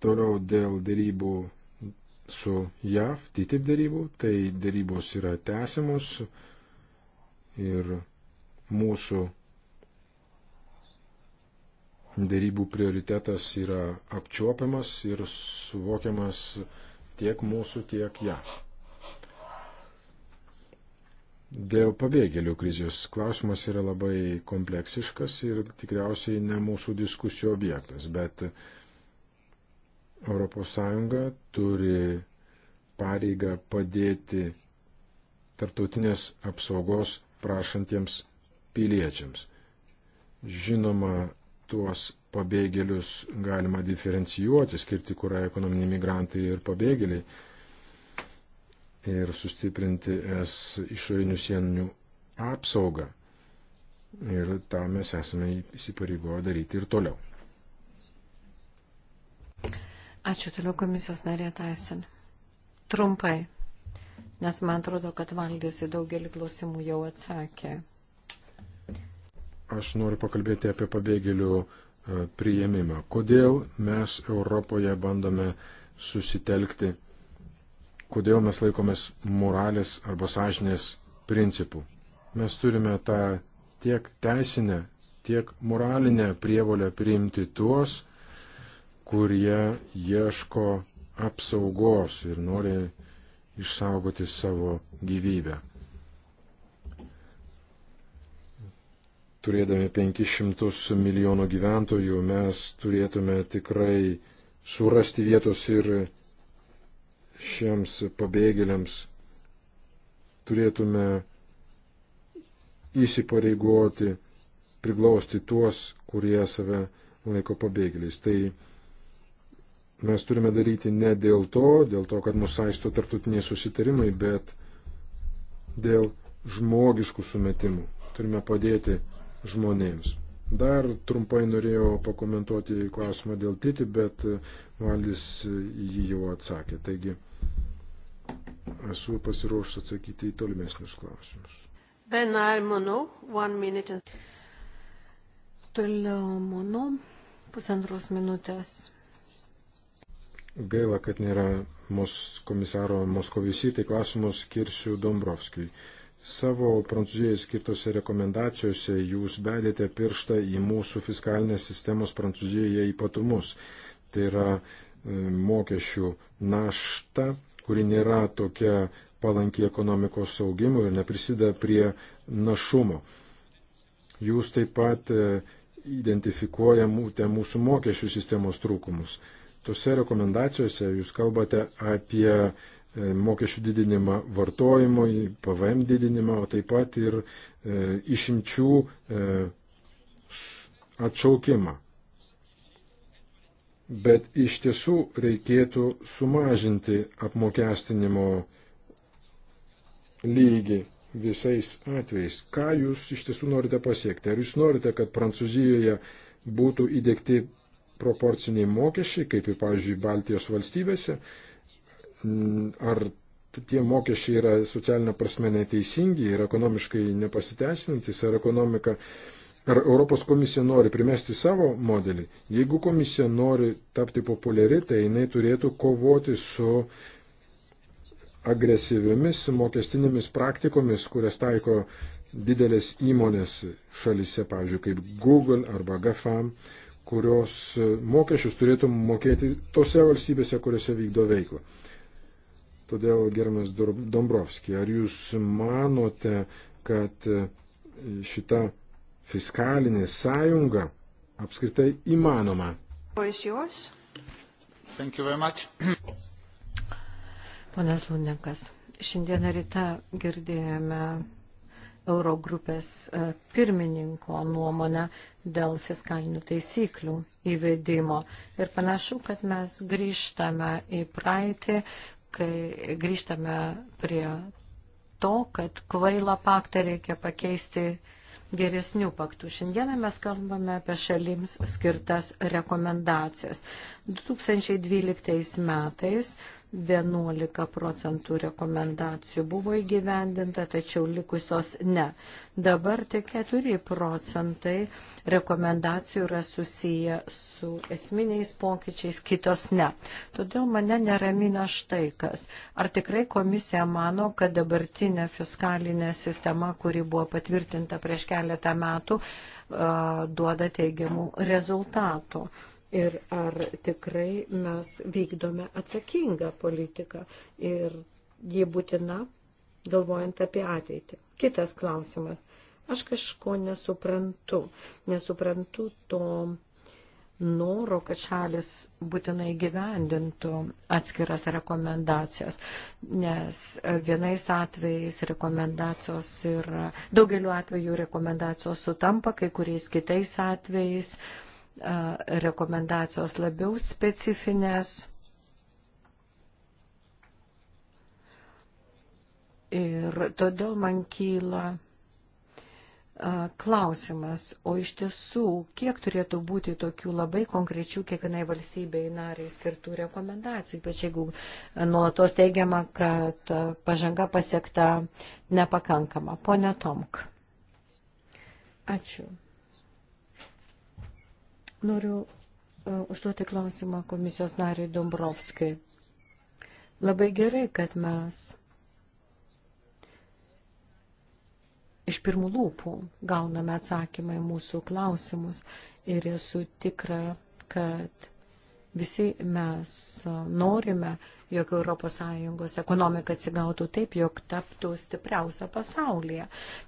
S3: Toliau dėl dėrybų su JAV, TTIP dėrybų, tai dėrybos yra tęsiamos ir mūsų dėrybų prioritetas yra apčiuopiamas ir suvokiamas tiek mūsų, tiek JAV. Dėl pabėgėlių krizės klausimas yra labai kompleksiškas ir tikriausiai ne mūsų diskusijų objektas, bet ES turi pareigą padėti tartautinės apsaugos prašantiems piliečiams. Žinoma, tuos pabėgėlius galima diferencijuoti, skirti, kur yra ekonominiai migrantai ir pabėgėliai, ir sustiprinti es išorinių sienų apsaugą. Ir tą mes esame įsipareigoję daryti ir toliau.
S2: Ačiū toliau komisijos narė Taisin. Trumpai, nes man atrodo, kad valgys į daugelį klausimų jau atsakė.
S3: Aš noriu pakalbėti apie pabėgėlių e, priėmimą. Kodėl mes Europoje bandome susitelkti, kodėl mes laikomės moralės arba sąžinės principų. Mes turime tą tiek teisinę, tiek moralinę prievolę priimti tuos, kurie ieško apsaugos ir nori išsaugoti savo gyvybę. Turėdami 500 milijonų gyventojų mes turėtume tikrai surasti vietos ir šiems pabėgėliams turėtume įsipareigoti priglausti tuos, kurie save laiko pabėgėliais. Tai mes turime daryti ne dėl to, dėl to, kad mūsų saisto tarptautiniai susitarimai, bet dėl žmogiškų sumetimų. Turime padėti žmonėms. Dar trumpai norėjau pakomentuoti klausimą dėl titi, bet Valdis jį jau atsakė. Taigi esu pasiruošęs atsakyti į tolimesnius klausimus.
S2: Benar Mono, one minute. Toliau Mono, pusantros minutės.
S3: Gaila, kad nėra mos, komisaro Moskovisi, tai klausimus skirsiu Dombrovskijui. Savo Prancūzijai skirtose rekomendacijose jūs bedėte pirštą į mūsų fiskalinės sistemos Prancūzijoje ypatumus. Tai yra e, mokesčių našta, kuri nėra tokia palanki ekonomikos augimui ir neprisideda prie našumo. Jūs taip pat e, identifikuojate mūsų mokesčių sistemos trūkumus. Tose rekomendacijose jūs kalbate apie e, mokesčių didinimą vartojimui, PVM didinimą, o taip pat ir e, išimčių e, atšaukimą. Bet iš tiesų reikėtų sumažinti apmokestinimo lygį visais atvejais. Ką jūs iš tiesų norite pasiekti? Ar jūs norite, kad Prancūzijoje būtų įdėkti proporciniai mokesčiai, kaip ir, pavyzdžiui, Baltijos valstybėse, mm, ar tie mokesčiai yra socialinė prasme neteisingi ir ekonomiškai nepasiteisinantis, ar ekonomika, ar Europos komisija nori primesti savo modelį. Jeigu komisija nori tapti populiari, tai jinai turėtų kovoti su agresyviomis mokestinėmis praktikomis, kurias taiko didelės įmonės šalise, pavyzdžiui, kaip Google arba GAFAM. Uh, kurios e, mokesčius turėtų mokėti tose valstybėse, kuriuose vykdo veiklą. Todėl, gerbiamas Dombrovski, ar jūs manote, kad e, šita fiskalinė sąjunga apskritai įmanoma?
S2: Ponas Lunekas, šiandieną ryte girdėjome Eurogrupės e, pirmininko nuomonę dėl fiskalinių taisyklių įvedimo. Ir panašu, kad mes grįžtame į praeitį, kai grįžtame prie to, kad kvailą paktą reikia pakeisti geresnių paktų. Šiandieną mes kalbame apie šalims skirtas rekomendacijas. 2012 metais 11 procentų rekomendacijų buvo įgyvendinta, tačiau likusios ne. Dabar tik 4 procentai rekomendacijų yra susiję su esminiais pokyčiais, kitos ne. Todėl mane neramina štai kas. Ar tikrai komisija mano, kad dabartinė fiskalinė sistema, kuri buvo patvirtinta prieš keletą metų, duoda teigiamų rezultatų? ir ar tikrai mes vykdome atsakingą politiką ir ji būtina, galvojant apie ateitį. Kitas klausimas. Aš kažko nesuprantu. Nesuprantu to noro, kad šalis būtinai gyvendintų atskiras rekomendacijas, nes vienais atvejais rekomendacijos yra, daugeliu atveju rekomendacijos sutampa, kai kuriais kitais atvejais uh, rekomendacijos labiau specifinės. Ir todėl man kyla klausimas, o iš tiesų, kiek turėtų būti tokių labai konkrečių kiekvienai valstybei nariai skirtų rekomendacijų, ypač jeigu nuolatos teigiama, kad pažanga pasiekta nepakankama. Pone Tomk. Ačiū. Noriu e, užduoti klausimą komisijos nariai Dombrovskijui. Labai gerai, kad mes iš pirmų lūpų gauname atsakymą į mūsų klausimus ir esu tikra, kad visi mes norime, jog ES ekonomika atsigautų taip, jog taptų stipriausia pasaulyje.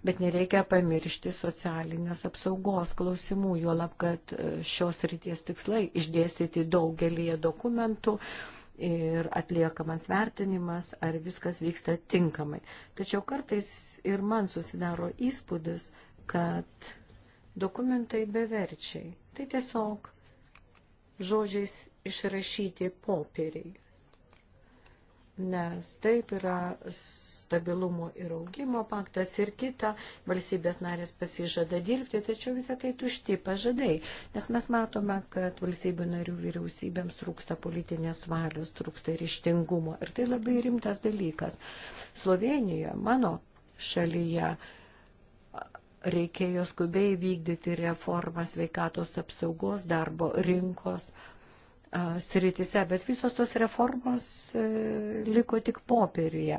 S2: Bet nereikia pamiršti socialinės apsaugos klausimų, juolab, kad e, šios ryties tikslai išdėstyti daugelį dokumentų ir atliekamas vertinimas, ar viskas vyksta tinkamai. Tačiau kartais ir man susidaro įspūdis, kad dokumentai beverčiai. Tai tiesiog žodžiais išrašyti popieriai nes taip yra stabilumo ir augimo paktas ir kita valstybės narės pasižada dirbti, tačiau visą tai tušti pažadai, nes mes matome, kad valstybių narių vyriausybėms trūksta politinės valios, trūksta ryštingumo ir tai labai rimtas dalykas. Slovenijoje, mano šalyje, reikėjo skubiai vykdyti reformas veikatos apsaugos darbo rinkos sritise, bet visos tos reformos e, liko tik popieriuje.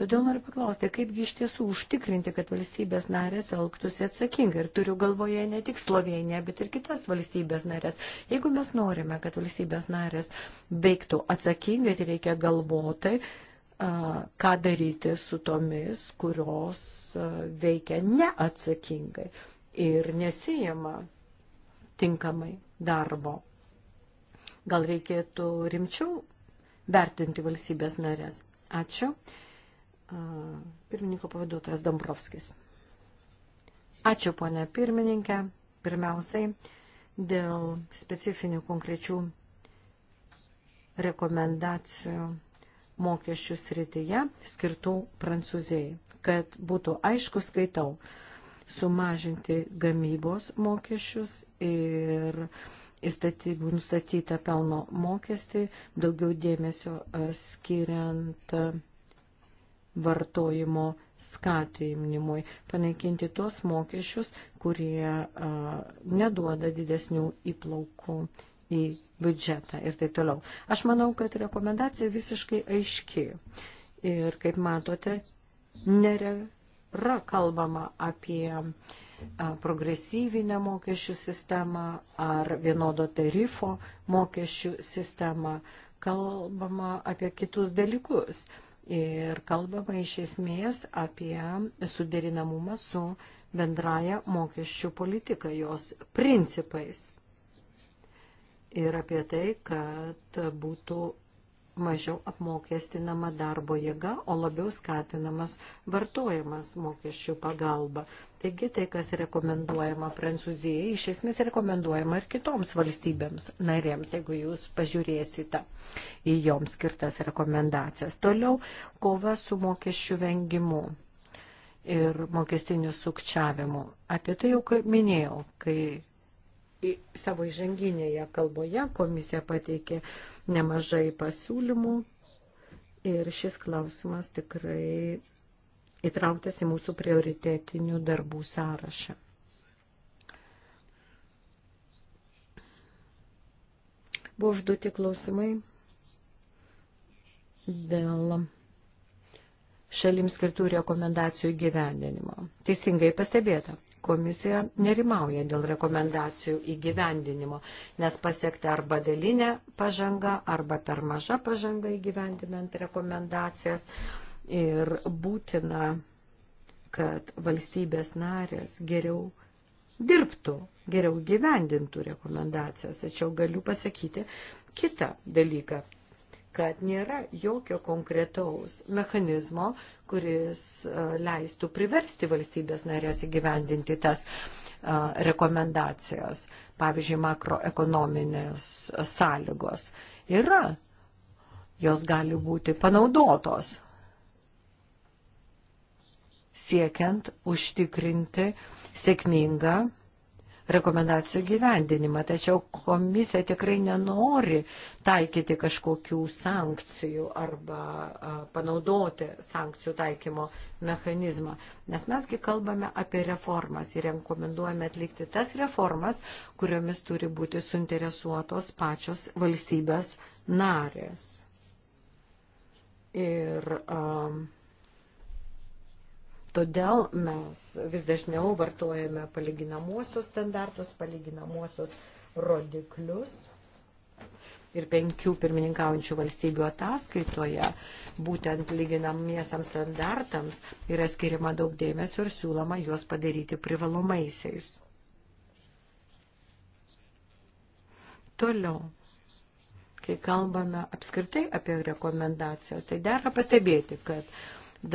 S2: Todėl noriu paklausti, kaipgi iš tiesų užtikrinti, kad valstybės narės elgtųsi atsakingai. Ir turiu galvoje ne tik Sloveniją, bet ir kitas valstybės narės. Jeigu mes norime, kad valstybės narės veiktų atsakingai, tai reikia galvoti, ką daryti su tomis, kurios veikia neatsakingai ir nesijama tinkamai darbo. Gal reikėtų rimčiau vertinti valstybės narės. Ačiū. Pirmininko pavaduotojas Dombrovskis. Ačiū, ponė pirmininkė. Pirmiausiai, dėl specifinių konkrečių rekomendacijų mokesčių srityje skirtų Prancūzijai. Kad būtų aišku, skaitau, sumažinti gamybos mokesčius ir uh, įstatybų nustatytą pelno mokestį, daugiau dėmesio e, skiriant e, vartojimo skatinimui, panaikinti tuos mokesčius, kurie a, e, neduoda didesnių įplaukų į biudžetą ir taip toliau. Aš manau, kad rekomendacija visiškai aiški. Ir kaip matote, nėra kalbama apie uh, progresyvinę mokesčių sistemą ar vienodo tarifo mokesčių sistemą, kalbama apie kitus dalykus. Ir kalbama iš esmės apie suderinamumą su bendraja mokesčių politika, jos principais. Ir apie tai, kad būtų mažiau apmokestinama darbo jėga, o labiau skatinamas vartojimas mokesčių pagalba. Taigi tai, kas rekomenduojama Prancūzijai, iš esmės rekomenduojama ir kitoms valstybėms narėms, jeigu jūs pažiūrėsite į joms skirtas rekomendacijas. Toliau kova su mokesčių vengimu ir mokestiniu sukčiavimu. Apie tai jau minėjau, kai savo įžanginėje kalboje komisija pateikė nemažai pasiūlymų ir šis klausimas tikrai įtrauktas į mūsų prioritetinių darbų sąrašą. Buvo užduoti klausimai dėl šalims skirtų rekomendacijų įgyvendinimo. Teisingai pastebėta, komisija nerimauja dėl rekomendacijų įgyvendinimo, nes pasiekti arba dalinę pažangą, arba per mažą pažangą įgyvendinant rekomendacijas, ir būtina, kad valstybės narės geriau dirbtų, geriau gyvendintų rekomendacijas. Tačiau galiu pasakyti kitą dalyką, kad nėra jokio konkretaus mechanizmo, kuris leistų priversti valstybės narės įgyvendinti tas rekomendacijas, pavyzdžiui, makroekonominės sąlygos. Yra, jos gali būti panaudotos siekiant užtikrinti sėkmingą rekomendacijų gyvendinimą. Tačiau komisija tikrai nenori taikyti kažkokių sankcijų arba a, panaudoti sankcijų taikymo mechanizmą. Nes mesgi kalbame apie reformas ir rekomenduojame atlikti tas reformas, kuriomis turi būti suinteresuotos pačios valstybės narės. Ir um, Todėl mes vis dažniau vartojame palyginamosios standartus, palyginamosios rodiklius. Ir penkių pirmininkaujančių valstybių ataskaitoje būtent lyginamiesiams standartams yra skiriama daug dėmesio ir siūloma juos padaryti privalomaisiais. Toliau, kai kalbame apskritai apie rekomendacijas, tai dera pastebėti, kad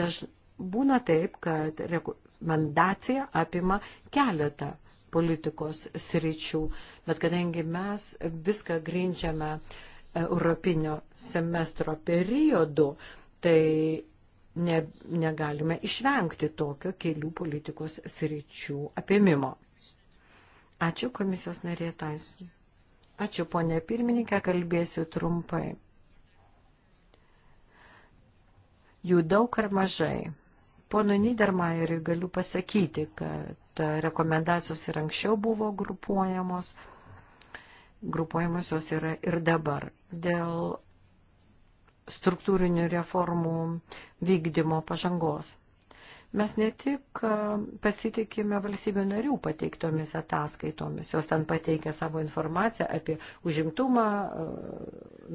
S2: dažnai būna taip, kad rekomendacija apima keletą politikos sričių, bet kadangi mes viską grindžiame e, europinio semestro periodu, tai ne, negalime išvengti tokio kelių politikos sričių apimimo. Ačiū komisijos narė Taisin. Ačiū ponė pirmininkė, kalbėsiu trumpai. Jų daug ar mažai? Pono Niedermayeriui galiu pasakyti, kad rekomendacijos ir anksčiau buvo grupuojamos, grupuojamos jos yra ir dabar. Dėl struktūrinių reformų vykdymo pažangos. Mes ne tik pasitikime valstybių narių pateiktomis ataskaitomis, jos ten pateikia savo informaciją apie užimtumą,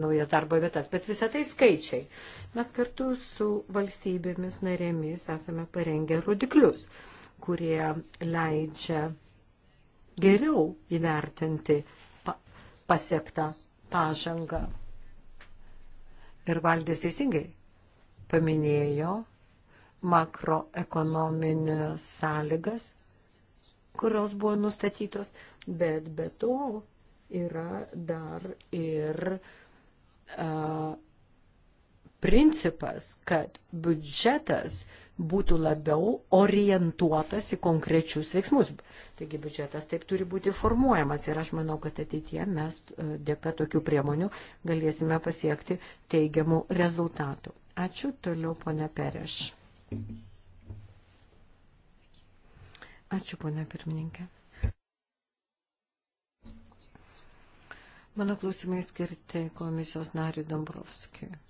S2: naujas darbo vietas, bet visą tai skaičiai. Mes kartu su valstybėmis narėmis esame parengę rodiklius, kurie leidžia geriau įvertinti pasiektą pažangą. Ir valdės teisingai paminėjo, makroekonominės sąlygas, kurios buvo nustatytos, bet be to yra dar ir a, principas, kad biudžetas būtų labiau orientuotas į konkrečius veiksmus. Taigi biudžetas taip turi būti formuojamas ir aš manau, kad ateityje mes dėka tokių priemonių galėsime pasiekti teigiamų rezultatų. Ačiū toliau, ponia Pereš. Ačiū, ponia pirmininkė. Mano klausimai skirti komisijos nariui Dombrovskijui.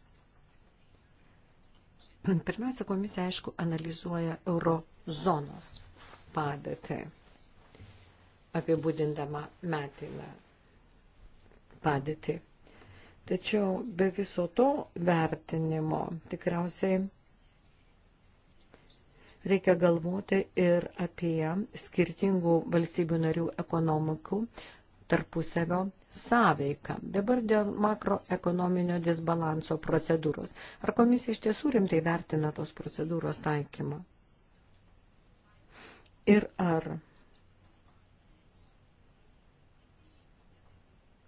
S2: Pirmiausia, komisija, aišku, analizuoja eurozonos padėtį, apibūdindama metinę padėtį. Tačiau be viso to vertinimo tikriausiai Reikia galvoti ir apie skirtingų valstybių narių ekonomikų tarpusavio sąveiką. Dabar dėl makroekonominio disbalanso procedūros. Ar komisija iš tiesų rimtai vertina tos procedūros taikymą? Ir ar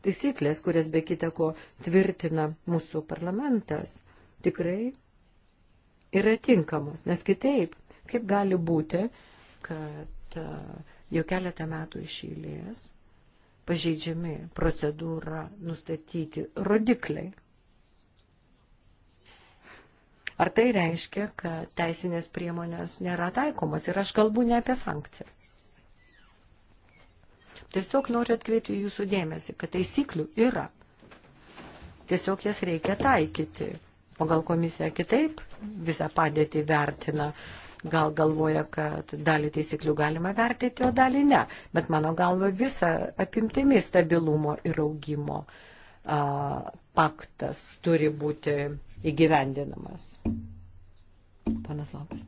S2: taisyklės, kurias be kita ko tvirtina mūsų parlamentas, tikrai yra tinkamos, nes kitaip Kaip gali būti, kad e, jau keletą metų išėlės pažeidžiami procedūrą nustatyti rodikliai? Ar tai reiškia, kad teisinės priemonės nėra taikomas? Ir aš kalbu ne apie sankcijas. Tiesiog noriu atkreipti jūsų dėmesį, kad taisyklių yra. Tiesiog jas reikia taikyti pagal komisiją kitaip visą padėtį vertina. Gal galvoja, kad dalį teisiklių galima vertinti, o dalį ne. Bet mano galva visa apimtimi stabilumo ir augimo a, paktas turi būti įgyvendinamas. Panas Lopes.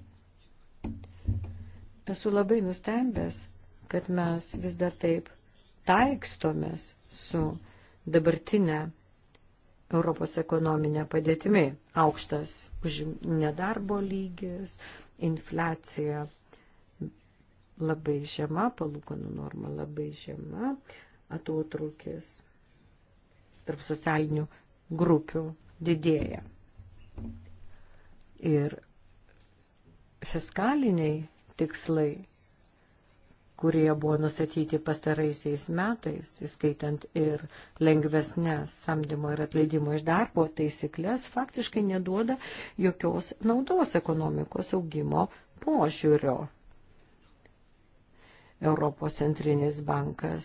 S2: Esu labai nustembęs, kad mes vis dar taip taikstomės su dabartinė Europos ekonominė padėtimi. Aukštas nedarbo lygis, infliacija labai žema, palūkanų norma labai žema, atotrukis tarp socialinių grupių didėja. Ir fiskaliniai tikslai kurie buvo nustatyti pastaraisiais metais, įskaitant ir lengvesnės samdymo ir atleidimo iš darbo taisyklės, faktiškai neduoda jokios naudos ekonomikos augimo požiūrio. Europos centrinis bankas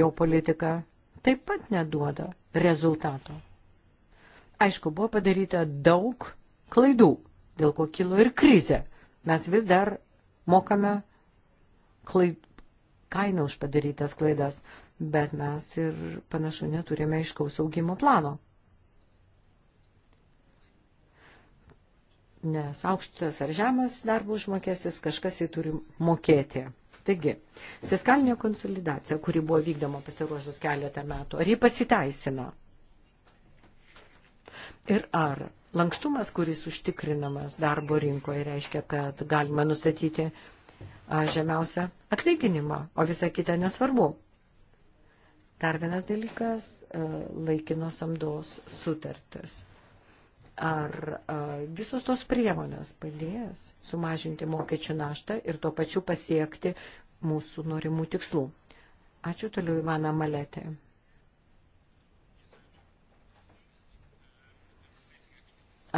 S2: jo politika taip pat neduoda rezultato. Aišku, buvo padaryta daug klaidų, dėl ko kilo ir krizė. Mes vis dar mokame klaid, kainą už padarytas klaidas, bet mes ir panašu neturime iškaus augimo plano. Nes aukštas ar žemas darbo užmokestis kažkas jį turi mokėti. Taigi, fiskalinė konsolidacija, kuri buvo vykdoma pastaruosius keletą metų, ar ji pasiteisino? Ir ar lankstumas, kuris užtikrinamas darbo rinkoje, reiškia, kad galima nustatyti žemiausią atlyginimą, o visa kita nesvarbu. Dar vienas dalykas - laikinos samdos sutartis. Ar visos tos priemonės padės sumažinti mokesčių naštą ir tuo pačiu pasiekti mūsų norimų tikslų? Ačiū toliau Ivana Maletė.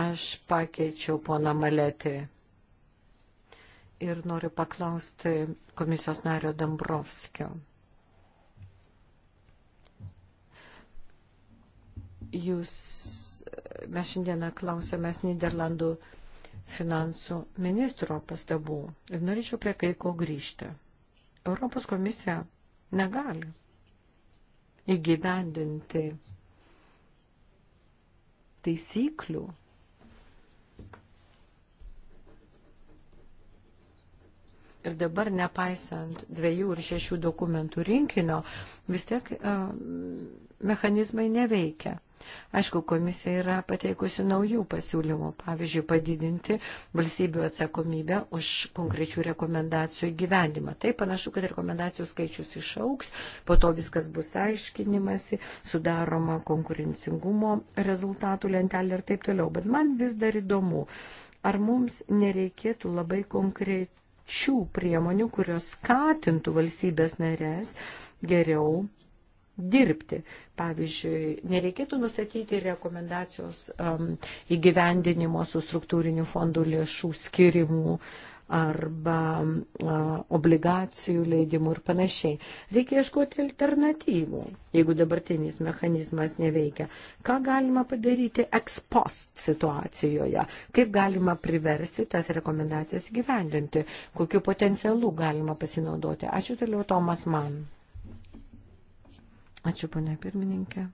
S2: Aš pakeičiau poną Maletį ir noriu paklausti komisijos nario Dambrovskio. Jūs, mes šiandieną klausėmės Niderlandų finansų ministro pastabų ir norėčiau prie kai ko grįžti. Europos komisija negali įgyvendinti taisyklių Ir dabar, nepaisant dviejų ir šešių dokumentų rinkinio, vis tiek e, mechanizmai neveikia. Aišku, komisija yra pateikusi naujų pasiūlymų, pavyzdžiui, padidinti valstybių atsakomybę už konkrečių rekomendacijų gyvendimą. Tai panašu, kad rekomendacijų skaičius išauks, po to viskas bus aiškinimasi, sudaroma konkurencingumo rezultatų lentelė ir taip toliau. Bet man vis dar įdomu, ar mums nereikėtų labai konkrečiai šių priemonių, kurios skatintų valstybės narės geriau dirbti. Pavyzdžiui, nereikėtų nustatyti rekomendacijos um, įgyvendinimo su struktūrinių fondų lėšų skirimų arba a, obligacijų leidimų ir panašiai. Reikia ieškoti alternatyvų, jeigu dabartinis mechanizmas neveikia. Ką galima padaryti ekspost situacijoje? Kaip galima priversti tas rekomendacijas gyvendinti? Kokiu potencialu galima pasinaudoti? Ačiū toliau Tomas man. Ačiū, pane pirmininkė.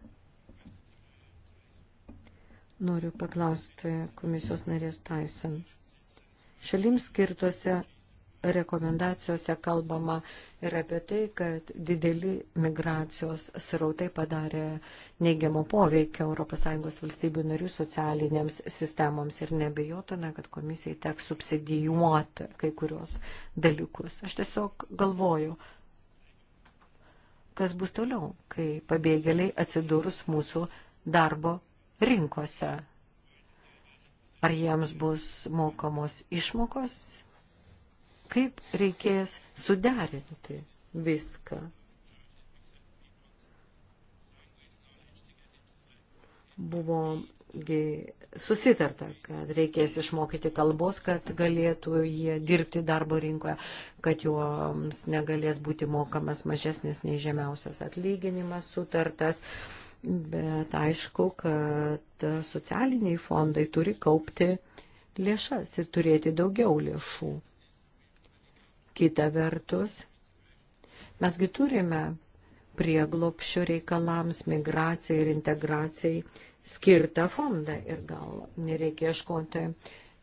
S2: Noriu paklausti komisijos narės Tyson. Šalims skirtose rekomendacijose kalbama ir apie tai, kad dideli migracijos srautai padarė neigiamo poveikio ES valstybių narių socialinėms sistemoms ir nebejotina, kad komisijai teks subsidijuoti kai kurios dalykus. Aš tiesiog galvoju, kas bus toliau, kai pabėgėliai atsidurs mūsų darbo rinkose. Ar jiems bus mokamos išmokos? Kaip reikės suderinti viską? Buvogi susitarta, kad reikės išmokyti kalbos, kad galėtų jie dirbti darbo rinkoje, kad juoms negalės būti mokamas mažesnis nei žemiausias atlyginimas sutartas. Uh, bet aišku, kad socialiniai fondai turi kaupti lėšas ir turėti daugiau lėšų. Kita vertus, mesgi turime prieglopšio reikalams, migracijai ir integracijai skirtą fondą ir gal nereikia ieškoti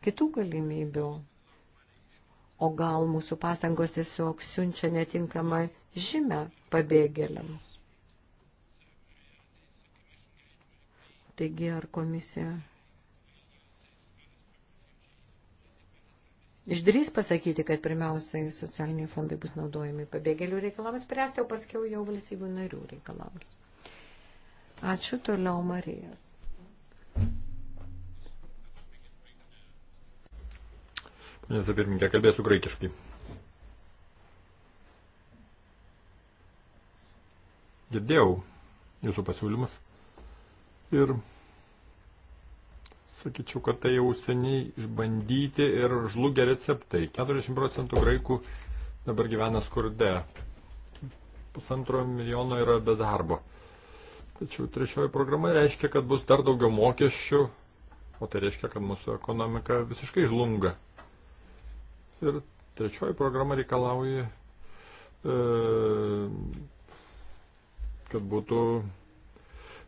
S2: kitų galimybių. O gal mūsų pastangos tiesiog siunčia netinkamą žymę pabėgėliams. Taigi, ar komisija Išdrys pasakyti, kad pirmiausiai socialiniai fondai bus naudojami pabėgėlių reikalams spręsti, o paskiau jau valstybių narių reikalams. Ačiū toliau, Marija.
S1: Nes pirmininkė, kalbėsiu graikiškai. Girdėjau jūsų pasiūlymus. Ir sakyčiau, kad tai jau seniai išbandyti ir žlugę receptai. 40 procentų graikų dabar gyvena skurde. Pusantro milijono yra be darbo. Tačiau trečioji programa reiškia, kad bus dar daugiau mokesčių, o tai reiškia, kad mūsų ekonomika visiškai žlunga. Ir trečioji programa reikalauja, e, kad būtų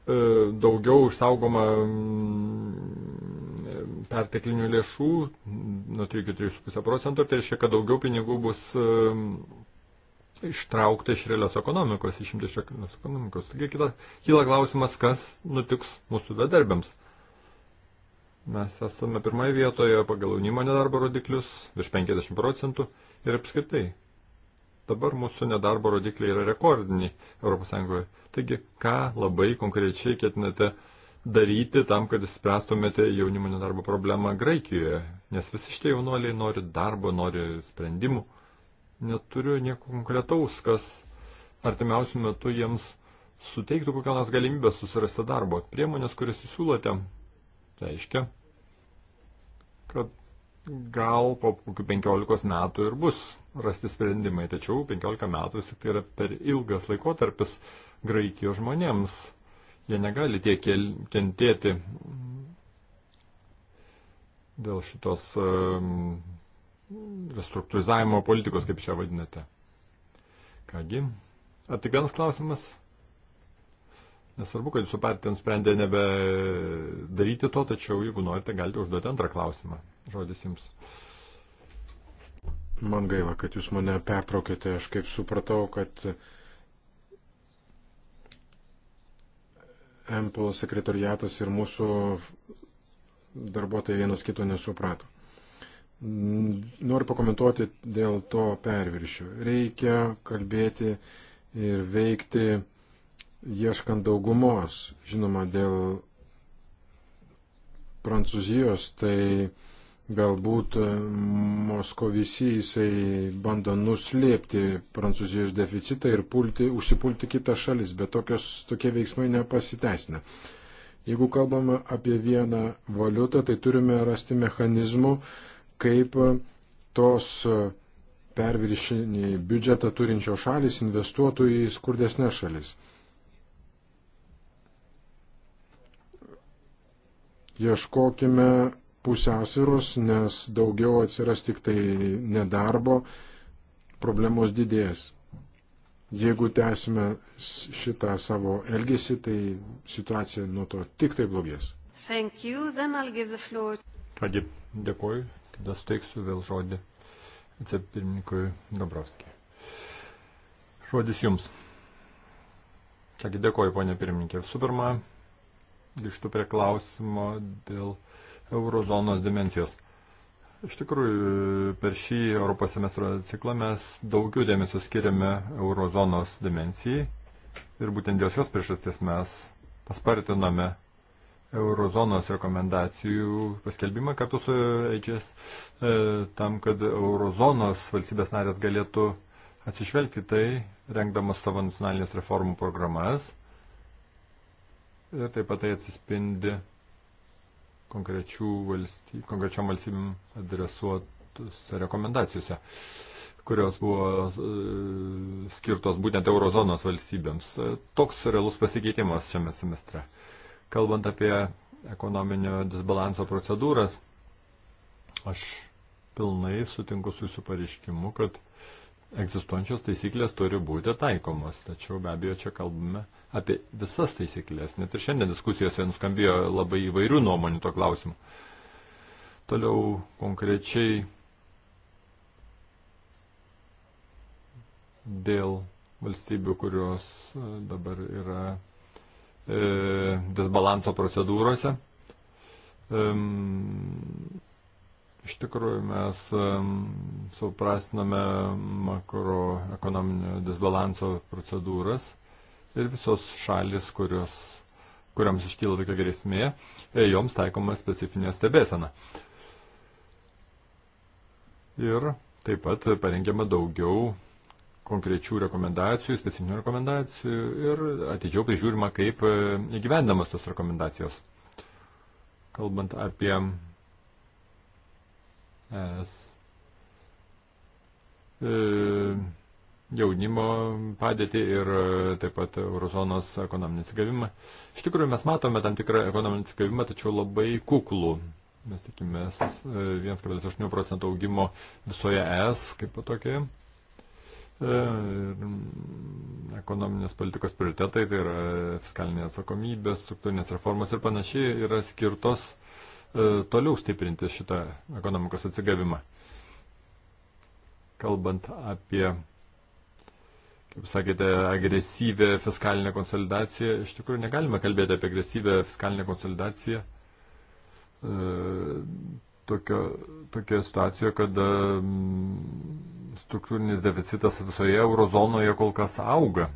S1: E, daugiau išsaugoma mm, perteklinių lėšų, nuo 3 iki 3,5 procentų, tai reiškia, kad daugiau pinigų bus e, ištraukta iš realios ekonomikos, išimta iš realios ekonomikos. Taigi kita, kyla klausimas, kas nutiks mūsų bedarbiams. Mes esame pirmoje vietoje pagal jaunimo nedarbo rodiklius, virš 50 procentų ir apskritai Dabar mūsų nedarbo rodikliai yra rekordiniai ES. Taigi, ką labai konkrečiai ketinate daryti tam, kad spręstumėte jaunimo nedarbo problemą Graikijoje? Nes visi šitie jaunuoliai nori darbo, nori sprendimų. Neturiu nieko konkretaus, kas artimiausių metų jiems suteiktų kokią nors galimybę susirasti darbo. Priemonės, kurias jūs siūlote, reiškia, kad gal po kokių 15 metų ir bus rasti sprendimai, tačiau 15 metų vis tik tai yra per ilgas laikotarpis Graikijos žmonėms. Jie negali tiek kentėti dėl šitos ehm, restruktūrizavimo politikos, kaip čia vadinate. Kągi, ar tik vienas klausimas? Nesvarbu, kad jūsų partija nusprendė nebedaryti to, tačiau jeigu norite, galite užduoti antrą klausimą. Žodis jums.
S3: Man gaila, kad jūs mane pertraukėte. Aš kaip supratau, kad MPL sekretariatas ir mūsų darbuotojai vienas kito nesuprato. Noriu pakomentuoti dėl to perviršių. Reikia kalbėti ir veikti ieškant daugumos. Žinoma, dėl Prancūzijos tai Galbūt e, Moskovici jisai bando nuslėpti Prancūzijos deficitą ir pulti, užsipulti kitą šalis, bet tokios, tokie veiksmai nepasiteisina. Jeigu kalbame apie vieną valiutą, tai turime rasti mechanizmų, kaip e, tos e, perviršinį biudžetą turinčios šalis investuotų į skurdesnės šalis. Ieškokime pusiausvyros, nes daugiau atsiras tik tai nedarbo, problemos didės. Jeigu tęsime šitą savo elgesį, tai
S1: situacija nuo to tik tai blogės. Kągi, dėkuoju, tada suteiksiu vėl žodį vicepirmininkui Dobrovskijai. Žodis jums. Kągi, dėkuoju, ponė pirmininkė. Visų pirma, grįžtu prie klausimo dėl eurozonos dimensijos. Iš tikrųjų, per šį Europos semestro ciklą mes daugiau dėmesio skiriame eurozonos dimensijai ir būtent dėl šios priežasties mes paspartinome eurozonos rekomendacijų paskelbimą kartu su HS e, tam, kad eurozonos valstybės narės galėtų atsižvelgti tai, rengdamas savo nacionalinės reformų programas. Ir taip pat tai atsispindi valsty, konkrečiom valstybėm adresuotose rekomendacijose, kurios buvo e, skirtos būtent eurozonos valstybėms. E, toks realus pasikeitimas šiame semestre. Kalbant apie ekonominio disbalanso procedūras, aš pilnai sutinku su jūsų pareiškimu, kad egzistuojančios taisyklės turi būti taikomos. Tačiau be abejo čia kalbame apie visas taisyklės. Net ir šiandien diskusijose nuskambėjo labai įvairių nuomonių to klausimu. Toliau konkrečiai dėl valstybių, kurios e, dabar yra e, disbalanso procedūrose. E, Iš tikrųjų, mes suprastiname makroekonominio disbalanso procedūras ir visos šalis, kurios, kuriams iškyla tokia grėsmė, e, joms taikoma specifinė stebėsena. Ir taip pat parengiama daugiau konkrečių rekomendacijų, specifinių rekomendacijų ir atidžiau prižiūrima, kaip e, įgyvendamas tos rekomendacijos. Kalbant apie es e, jaunimo padėtį ir e, taip pat eurozonos ekonominį atsigavimą. Iš tikrųjų, mes matome tam tikrą ekonominį atsigavimą, tačiau labai kuklų. Mes tikimės 1,8 e, procentų augimo visoje ES kaip tokia. Ir ekonominės politikos prioritetai, tai yra fiskalinė atsakomybė, struktūrinės reformos ir panašiai, yra skirtos E, toliau stiprinti šitą ekonomikos atsigavimą. Kalbant apie, kaip sakėte, agresyvę fiskalinę konsolidaciją, iš tikrųjų negalime kalbėti apie agresyvę fiskalinę konsolidaciją e, tokio, tokio situacijoje, kad struktūrinis deficitas visoje eurozonoje kol kas auga.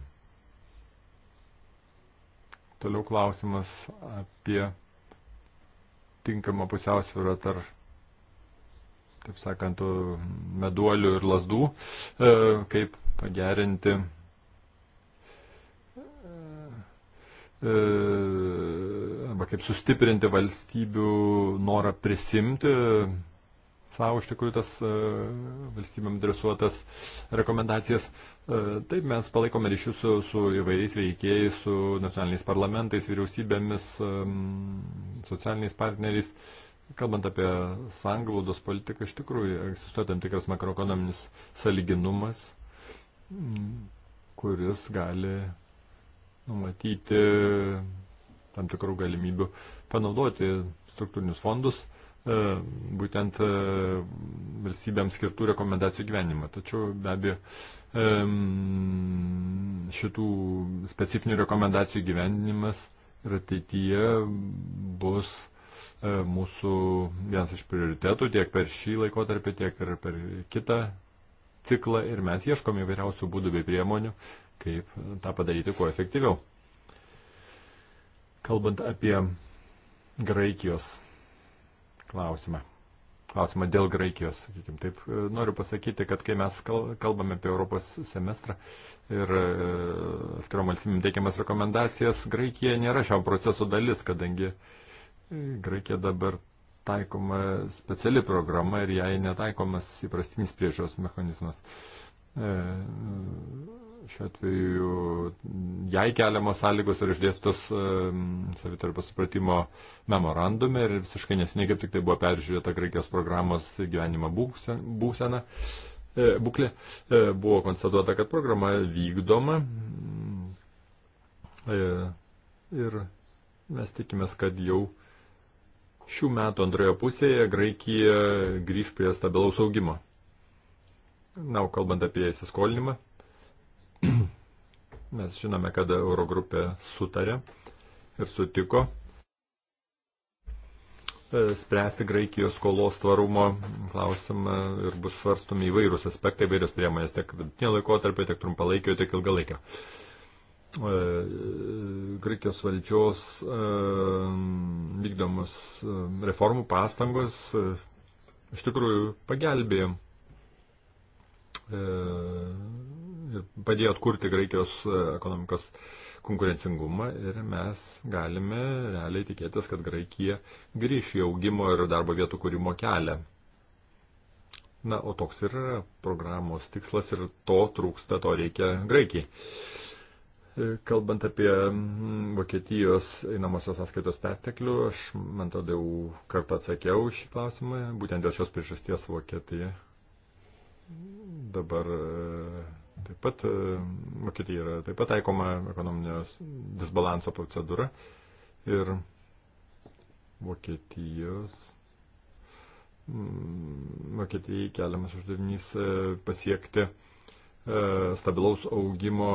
S1: Toliau klausimas apie tinkama pusiausvyrą tarp, taip sakant, meduolių ir lasdų, e, kaip pagerinti e, e, arba kaip sustiprinti valstybių norą prisimti savo iš tikrųjų tas e, valstybėm adresuotas rekomendacijas. E, taip mes palaikome ryšius su, su įvairiais veikėjais, su nacionaliniais parlamentais, vyriausybėmis, e, socialiniais partneriais. Kalbant apie sanglaudos politiką, iš tikrųjų egzistuoja tam tikras makroekonominis saliginumas, kuris gali numatyti tam tikrų galimybių panaudoti struktūrinius fondus E, būtent e, valstybėms skirtų rekomendacijų gyvenimą. Tačiau be abejo e, šitų specifinių rekomendacijų gyvenimas ir ateityje bus mūsų vienas iš prioritetų tiek per šį laikotarpį, tiek ir per kitą ciklą ir mes ieškome įvairiausių būdų bei priemonių, kaip tą padaryti kuo efektyviau. Kalbant apie Graikijos klausimą. Klausimą dėl Graikijos, sakykime. Taip, e, noriu pasakyti, kad kai mes kalbame apie Europos semestrą ir e, skirom valstybėm teikiamas rekomendacijas, Graikija nėra šio proceso dalis, kadangi e, Graikija dabar taikoma speciali programa ir jai netaikomas įprastinis priežiūros mechanizmas. E, šiuo atveju jai keliamos sąlygos yra išdėstos e, savitarpio supratimo memorandume ir visiškai nesiniai kaip tik tai buvo peržiūrėta Graikijos programos gyvenimo būsena. E, būklė buvo konstatuota, kad programa vykdoma ir mes tikimės, kad jau šių metų antroje pusėje Graikija grįž prie stabilaus augimo. Na, o kalbant apie įsiskolinimą, *clears throat* mes žinome, kad Eurogrupė sutarė ir sutiko e, spręsti Graikijos skolos tvarumo klausimą ir bus svarstomi įvairūs aspektai, įvairios priemonės, tiek vidutinio laikotarpio, tiek trumpalaikio, tiek ilgalaikio. E, Graikijos valdžios e, vykdomus reformų pastangus iš tikrųjų pagelbėjo ir e, padėjo atkurti Graikijos e, ekonomikos konkurencingumą ir mes galime realiai tikėtis, kad Graikija grįš į augimo ir darbo vietų kūrimo kelią. Na, o toks ir yra programos tikslas ir to trūksta, to reikia Graikijai. E, kalbant apie mm, Vokietijos einamosios sąskaitos perteklių, aš man tada jau kartą atsakiau šį klausimą, būtent dėl šios priežasties Vokietija Dabar e, taip pat e, Vokietija yra taip pat taikoma ekonominio disbalanso procedūra ir Vokietijos. Mm, Vokietijai keliamas uždavinys e, pasiekti stabilaus augimo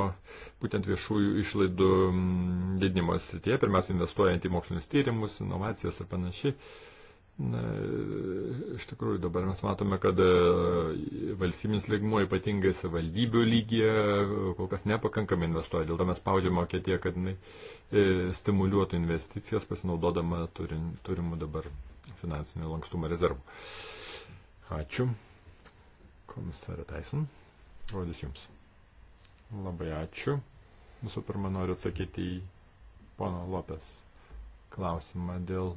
S1: būtent viešųjų išlaidų mm, didinimo srityje, pirmiausia, investuojant į mokslinius tyrimus, inovacijas ir panašiai. Na, iš tikrųjų dabar mes matome, kad e, valstybinis lygmuo ypatingai savivaldybių lygyje kol kas nepakankamai investuoja. Dėl to mes spaudžiame Vokietiją, kad jinai e, stimuliuotų investicijas pasinaudodama turimų dabar finansinio lankstumo rezervų. Ačiū. Komisarė Taisin, rodys Jums. Labai ačiū. Visų pirma, noriu atsakyti į pono Lopės klausimą dėl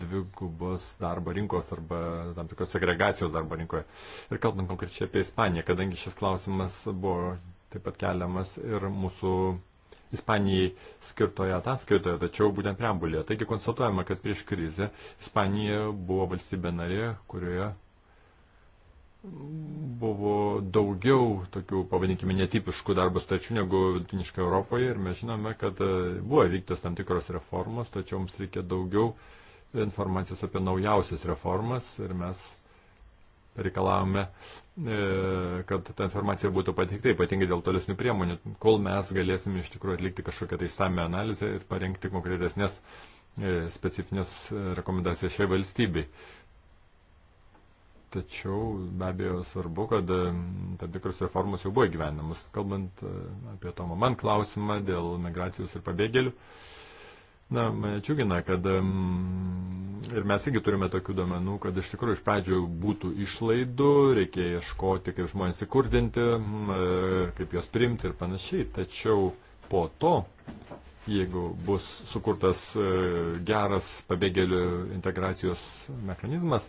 S1: dvigubos darbo rinkos arba tam tikros segregacijos darbo rinkoje. Ir kalbant konkrečiai apie Ispaniją, kadangi šis klausimas buvo taip pat keliamas ir mūsų Ispanijai skirtoje ataskaitoje, tačiau būtent preambulėje. Taigi konstatuojama, kad prieš krizę Ispanija buvo valstybė narė, kurioje buvo daugiau tokių, pavadinkime, netipiškų darbo stačių negu vidutiniškai Europoje ir mes žinome, kad buvo vyktos tam tikros reformos, tačiau mums reikia daugiau uh, informacijos apie naujausias reformas ir mes reikalavome, e, kad ta informacija būtų pateikta, ypatingai dėl tolesnių priemonių, kol mes galėsim iš tikrųjų atlikti kažkokią tai same analizę ir parengti konkretesnės e, specifinės rekomendacijas šiai valstybei. Tačiau be abejo svarbu, kad e, tam tikros reformos jau buvo gyvenamas. Kalbant apie Tomo man klausimą dėl migracijos ir pabėgėlių, uh, Na, mane džiugina, kad ir mes irgi turime tokių duomenų, kad iš tikrųjų iš pradžių būtų išlaidų, reikia ieškoti, kaip žmonės įkurdinti, e, kaip juos priimti ir panašiai. Tačiau po to, jeigu bus sukurtas e, geras pabėgėlių integracijos mechanizmas,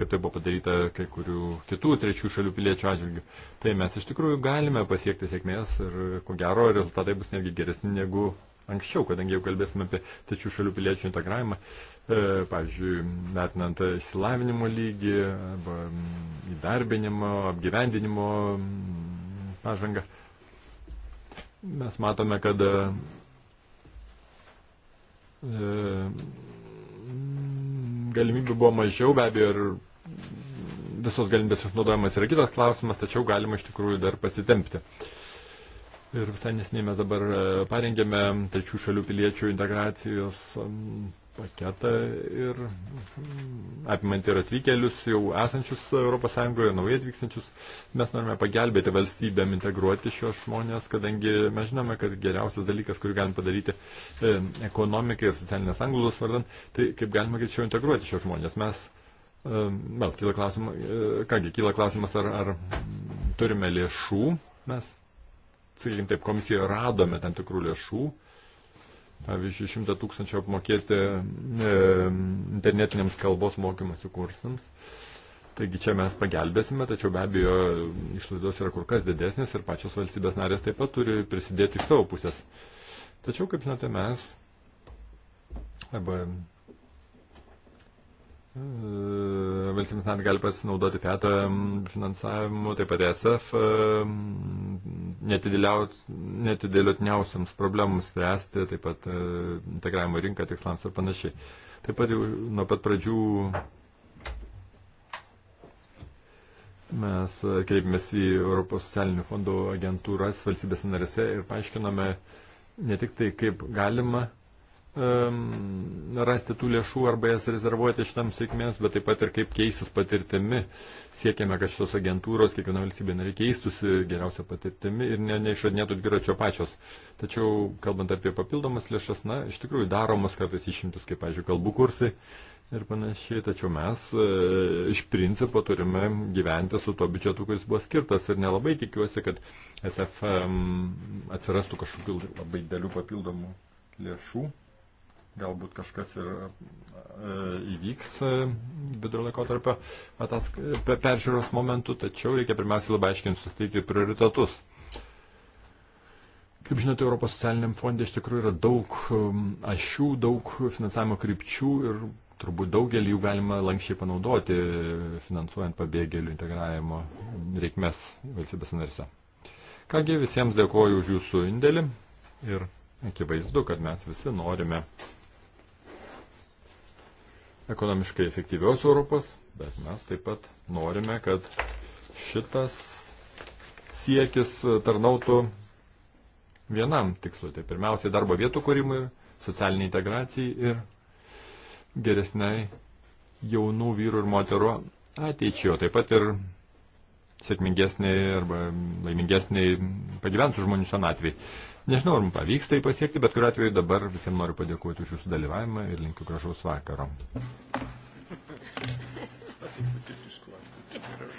S1: kaip tai buvo padaryta kai kurių kitų trečių šalių piliečių atžvilgių, tai mes iš tikrųjų galime pasiekti sėkmės ir ko gero rezultatai bus netgi geresni negu anksčiau, kadangi jau kalbėsime apie trečių šalių piliečių integravimą, e, pavyzdžiui, vertinant išsilavinimo lygį, arba mm, įdarbinimo, apgyvendinimo mm, pažangą, mes matome, kad e, mm, galimybių buvo mažiau, be abejo, ir visos galimybės išnaudojimas yra kitas klausimas, tačiau galima iš tikrųjų dar pasitempti. E, Ir visai nesiniai mes dabar e, parengėme trečių šalių piliečių integracijos paketą ir apimant ir atvykėlius, jau esančius ES, naujai atvykstančius, mes norime pagelbėti valstybėm integruoti šios žmonės, kadangi mes žinome, kad geriausias dalykas, kurį galim padaryti e, ekonomikai ir socialinės anglos vardan, tai kaip galima greičiau integruoti šios žmonės. Mes e, Vėl, kyla klausimas, e, kągi, kyla klausimas, ar, ar turime lėšų mes sakykim taip, komisijoje radome tam tikrų lėšų. Pavyzdžiui, 100 tūkstančių apmokėti e, internetiniams kalbos mokymosi kursams. Taigi čia mes pagelbėsime, tačiau be abejo išlaidos yra kur kas didesnės ir pačios valstybės narės taip pat turi prisidėti iš savo pusės. Tačiau, kaip žinote, mes arba E, valstybės narė gali pasinaudoti FETA finansavimu, taip pat ESF e, netidėliotiniausiams problemams spręsti, taip pat e, integravimo rinką tikslams ir panašiai. Taip pat jau nuo pat pradžių mes kreipėmės į Europos socialinių fondų agentūras valstybės narėse ir paaiškinome ne tik tai, kaip galima rasti tų lėšų arba jas rezervuoti šitam sėkmės, bet taip pat ir kaip keisis patirtimi. Siekiame, kad šios agentūros, kiekviena valstybė nariai keistusi geriausia patirtimi ir ne, neišradinėtų dviračio pačios. Tačiau, kalbant apie papildomas lėšas, na, iš tikrųjų daromas kartais išimtis, kaip, pažiūrėjau, kalbų kursai ir panašiai, tačiau mes e, iš principo turime gyventi su to biudžetu, kuris buvo skirtas ir nelabai tikiuosi, kad SF e, atsirastų kažkokių labai dėlių papildomų lėšų galbūt kažkas ir e, įvyks e, vidurio laikotarpio peržiūros momentų, tačiau reikia pirmiausiai labai aiškiai nustatyti prioritetus. Kaip žinote, Europos socialiniam fondė iš tikrųjų yra daug um, ašių, daug finansavimo krypčių ir turbūt daugelį jų galima lankščiai panaudoti, finansuojant pabėgėlių integravimo reikmes valstybės narėse. Kągi visiems dėkoju už jūsų indėlį ir akivaizdu, kad mes visi norime ekonomiškai efektyvios Europos, bet mes taip pat norime, kad šitas siekis tarnautų vienam tikslui. Tai pirmiausiai darbo vietų kūrimui, socialiniai integracijai ir geresnai jaunų vyrų ir moterų ateičiai, o taip pat ir sėkmingesniai arba laimingesniai pagyvensių žmonių senatviai. Nežinau, ar mums pavyks tai pasiekti, bet kuriuo atveju dabar visiems noriu padėkoti už jūsų dalyvavimą ir linkiu gražaus vakaro.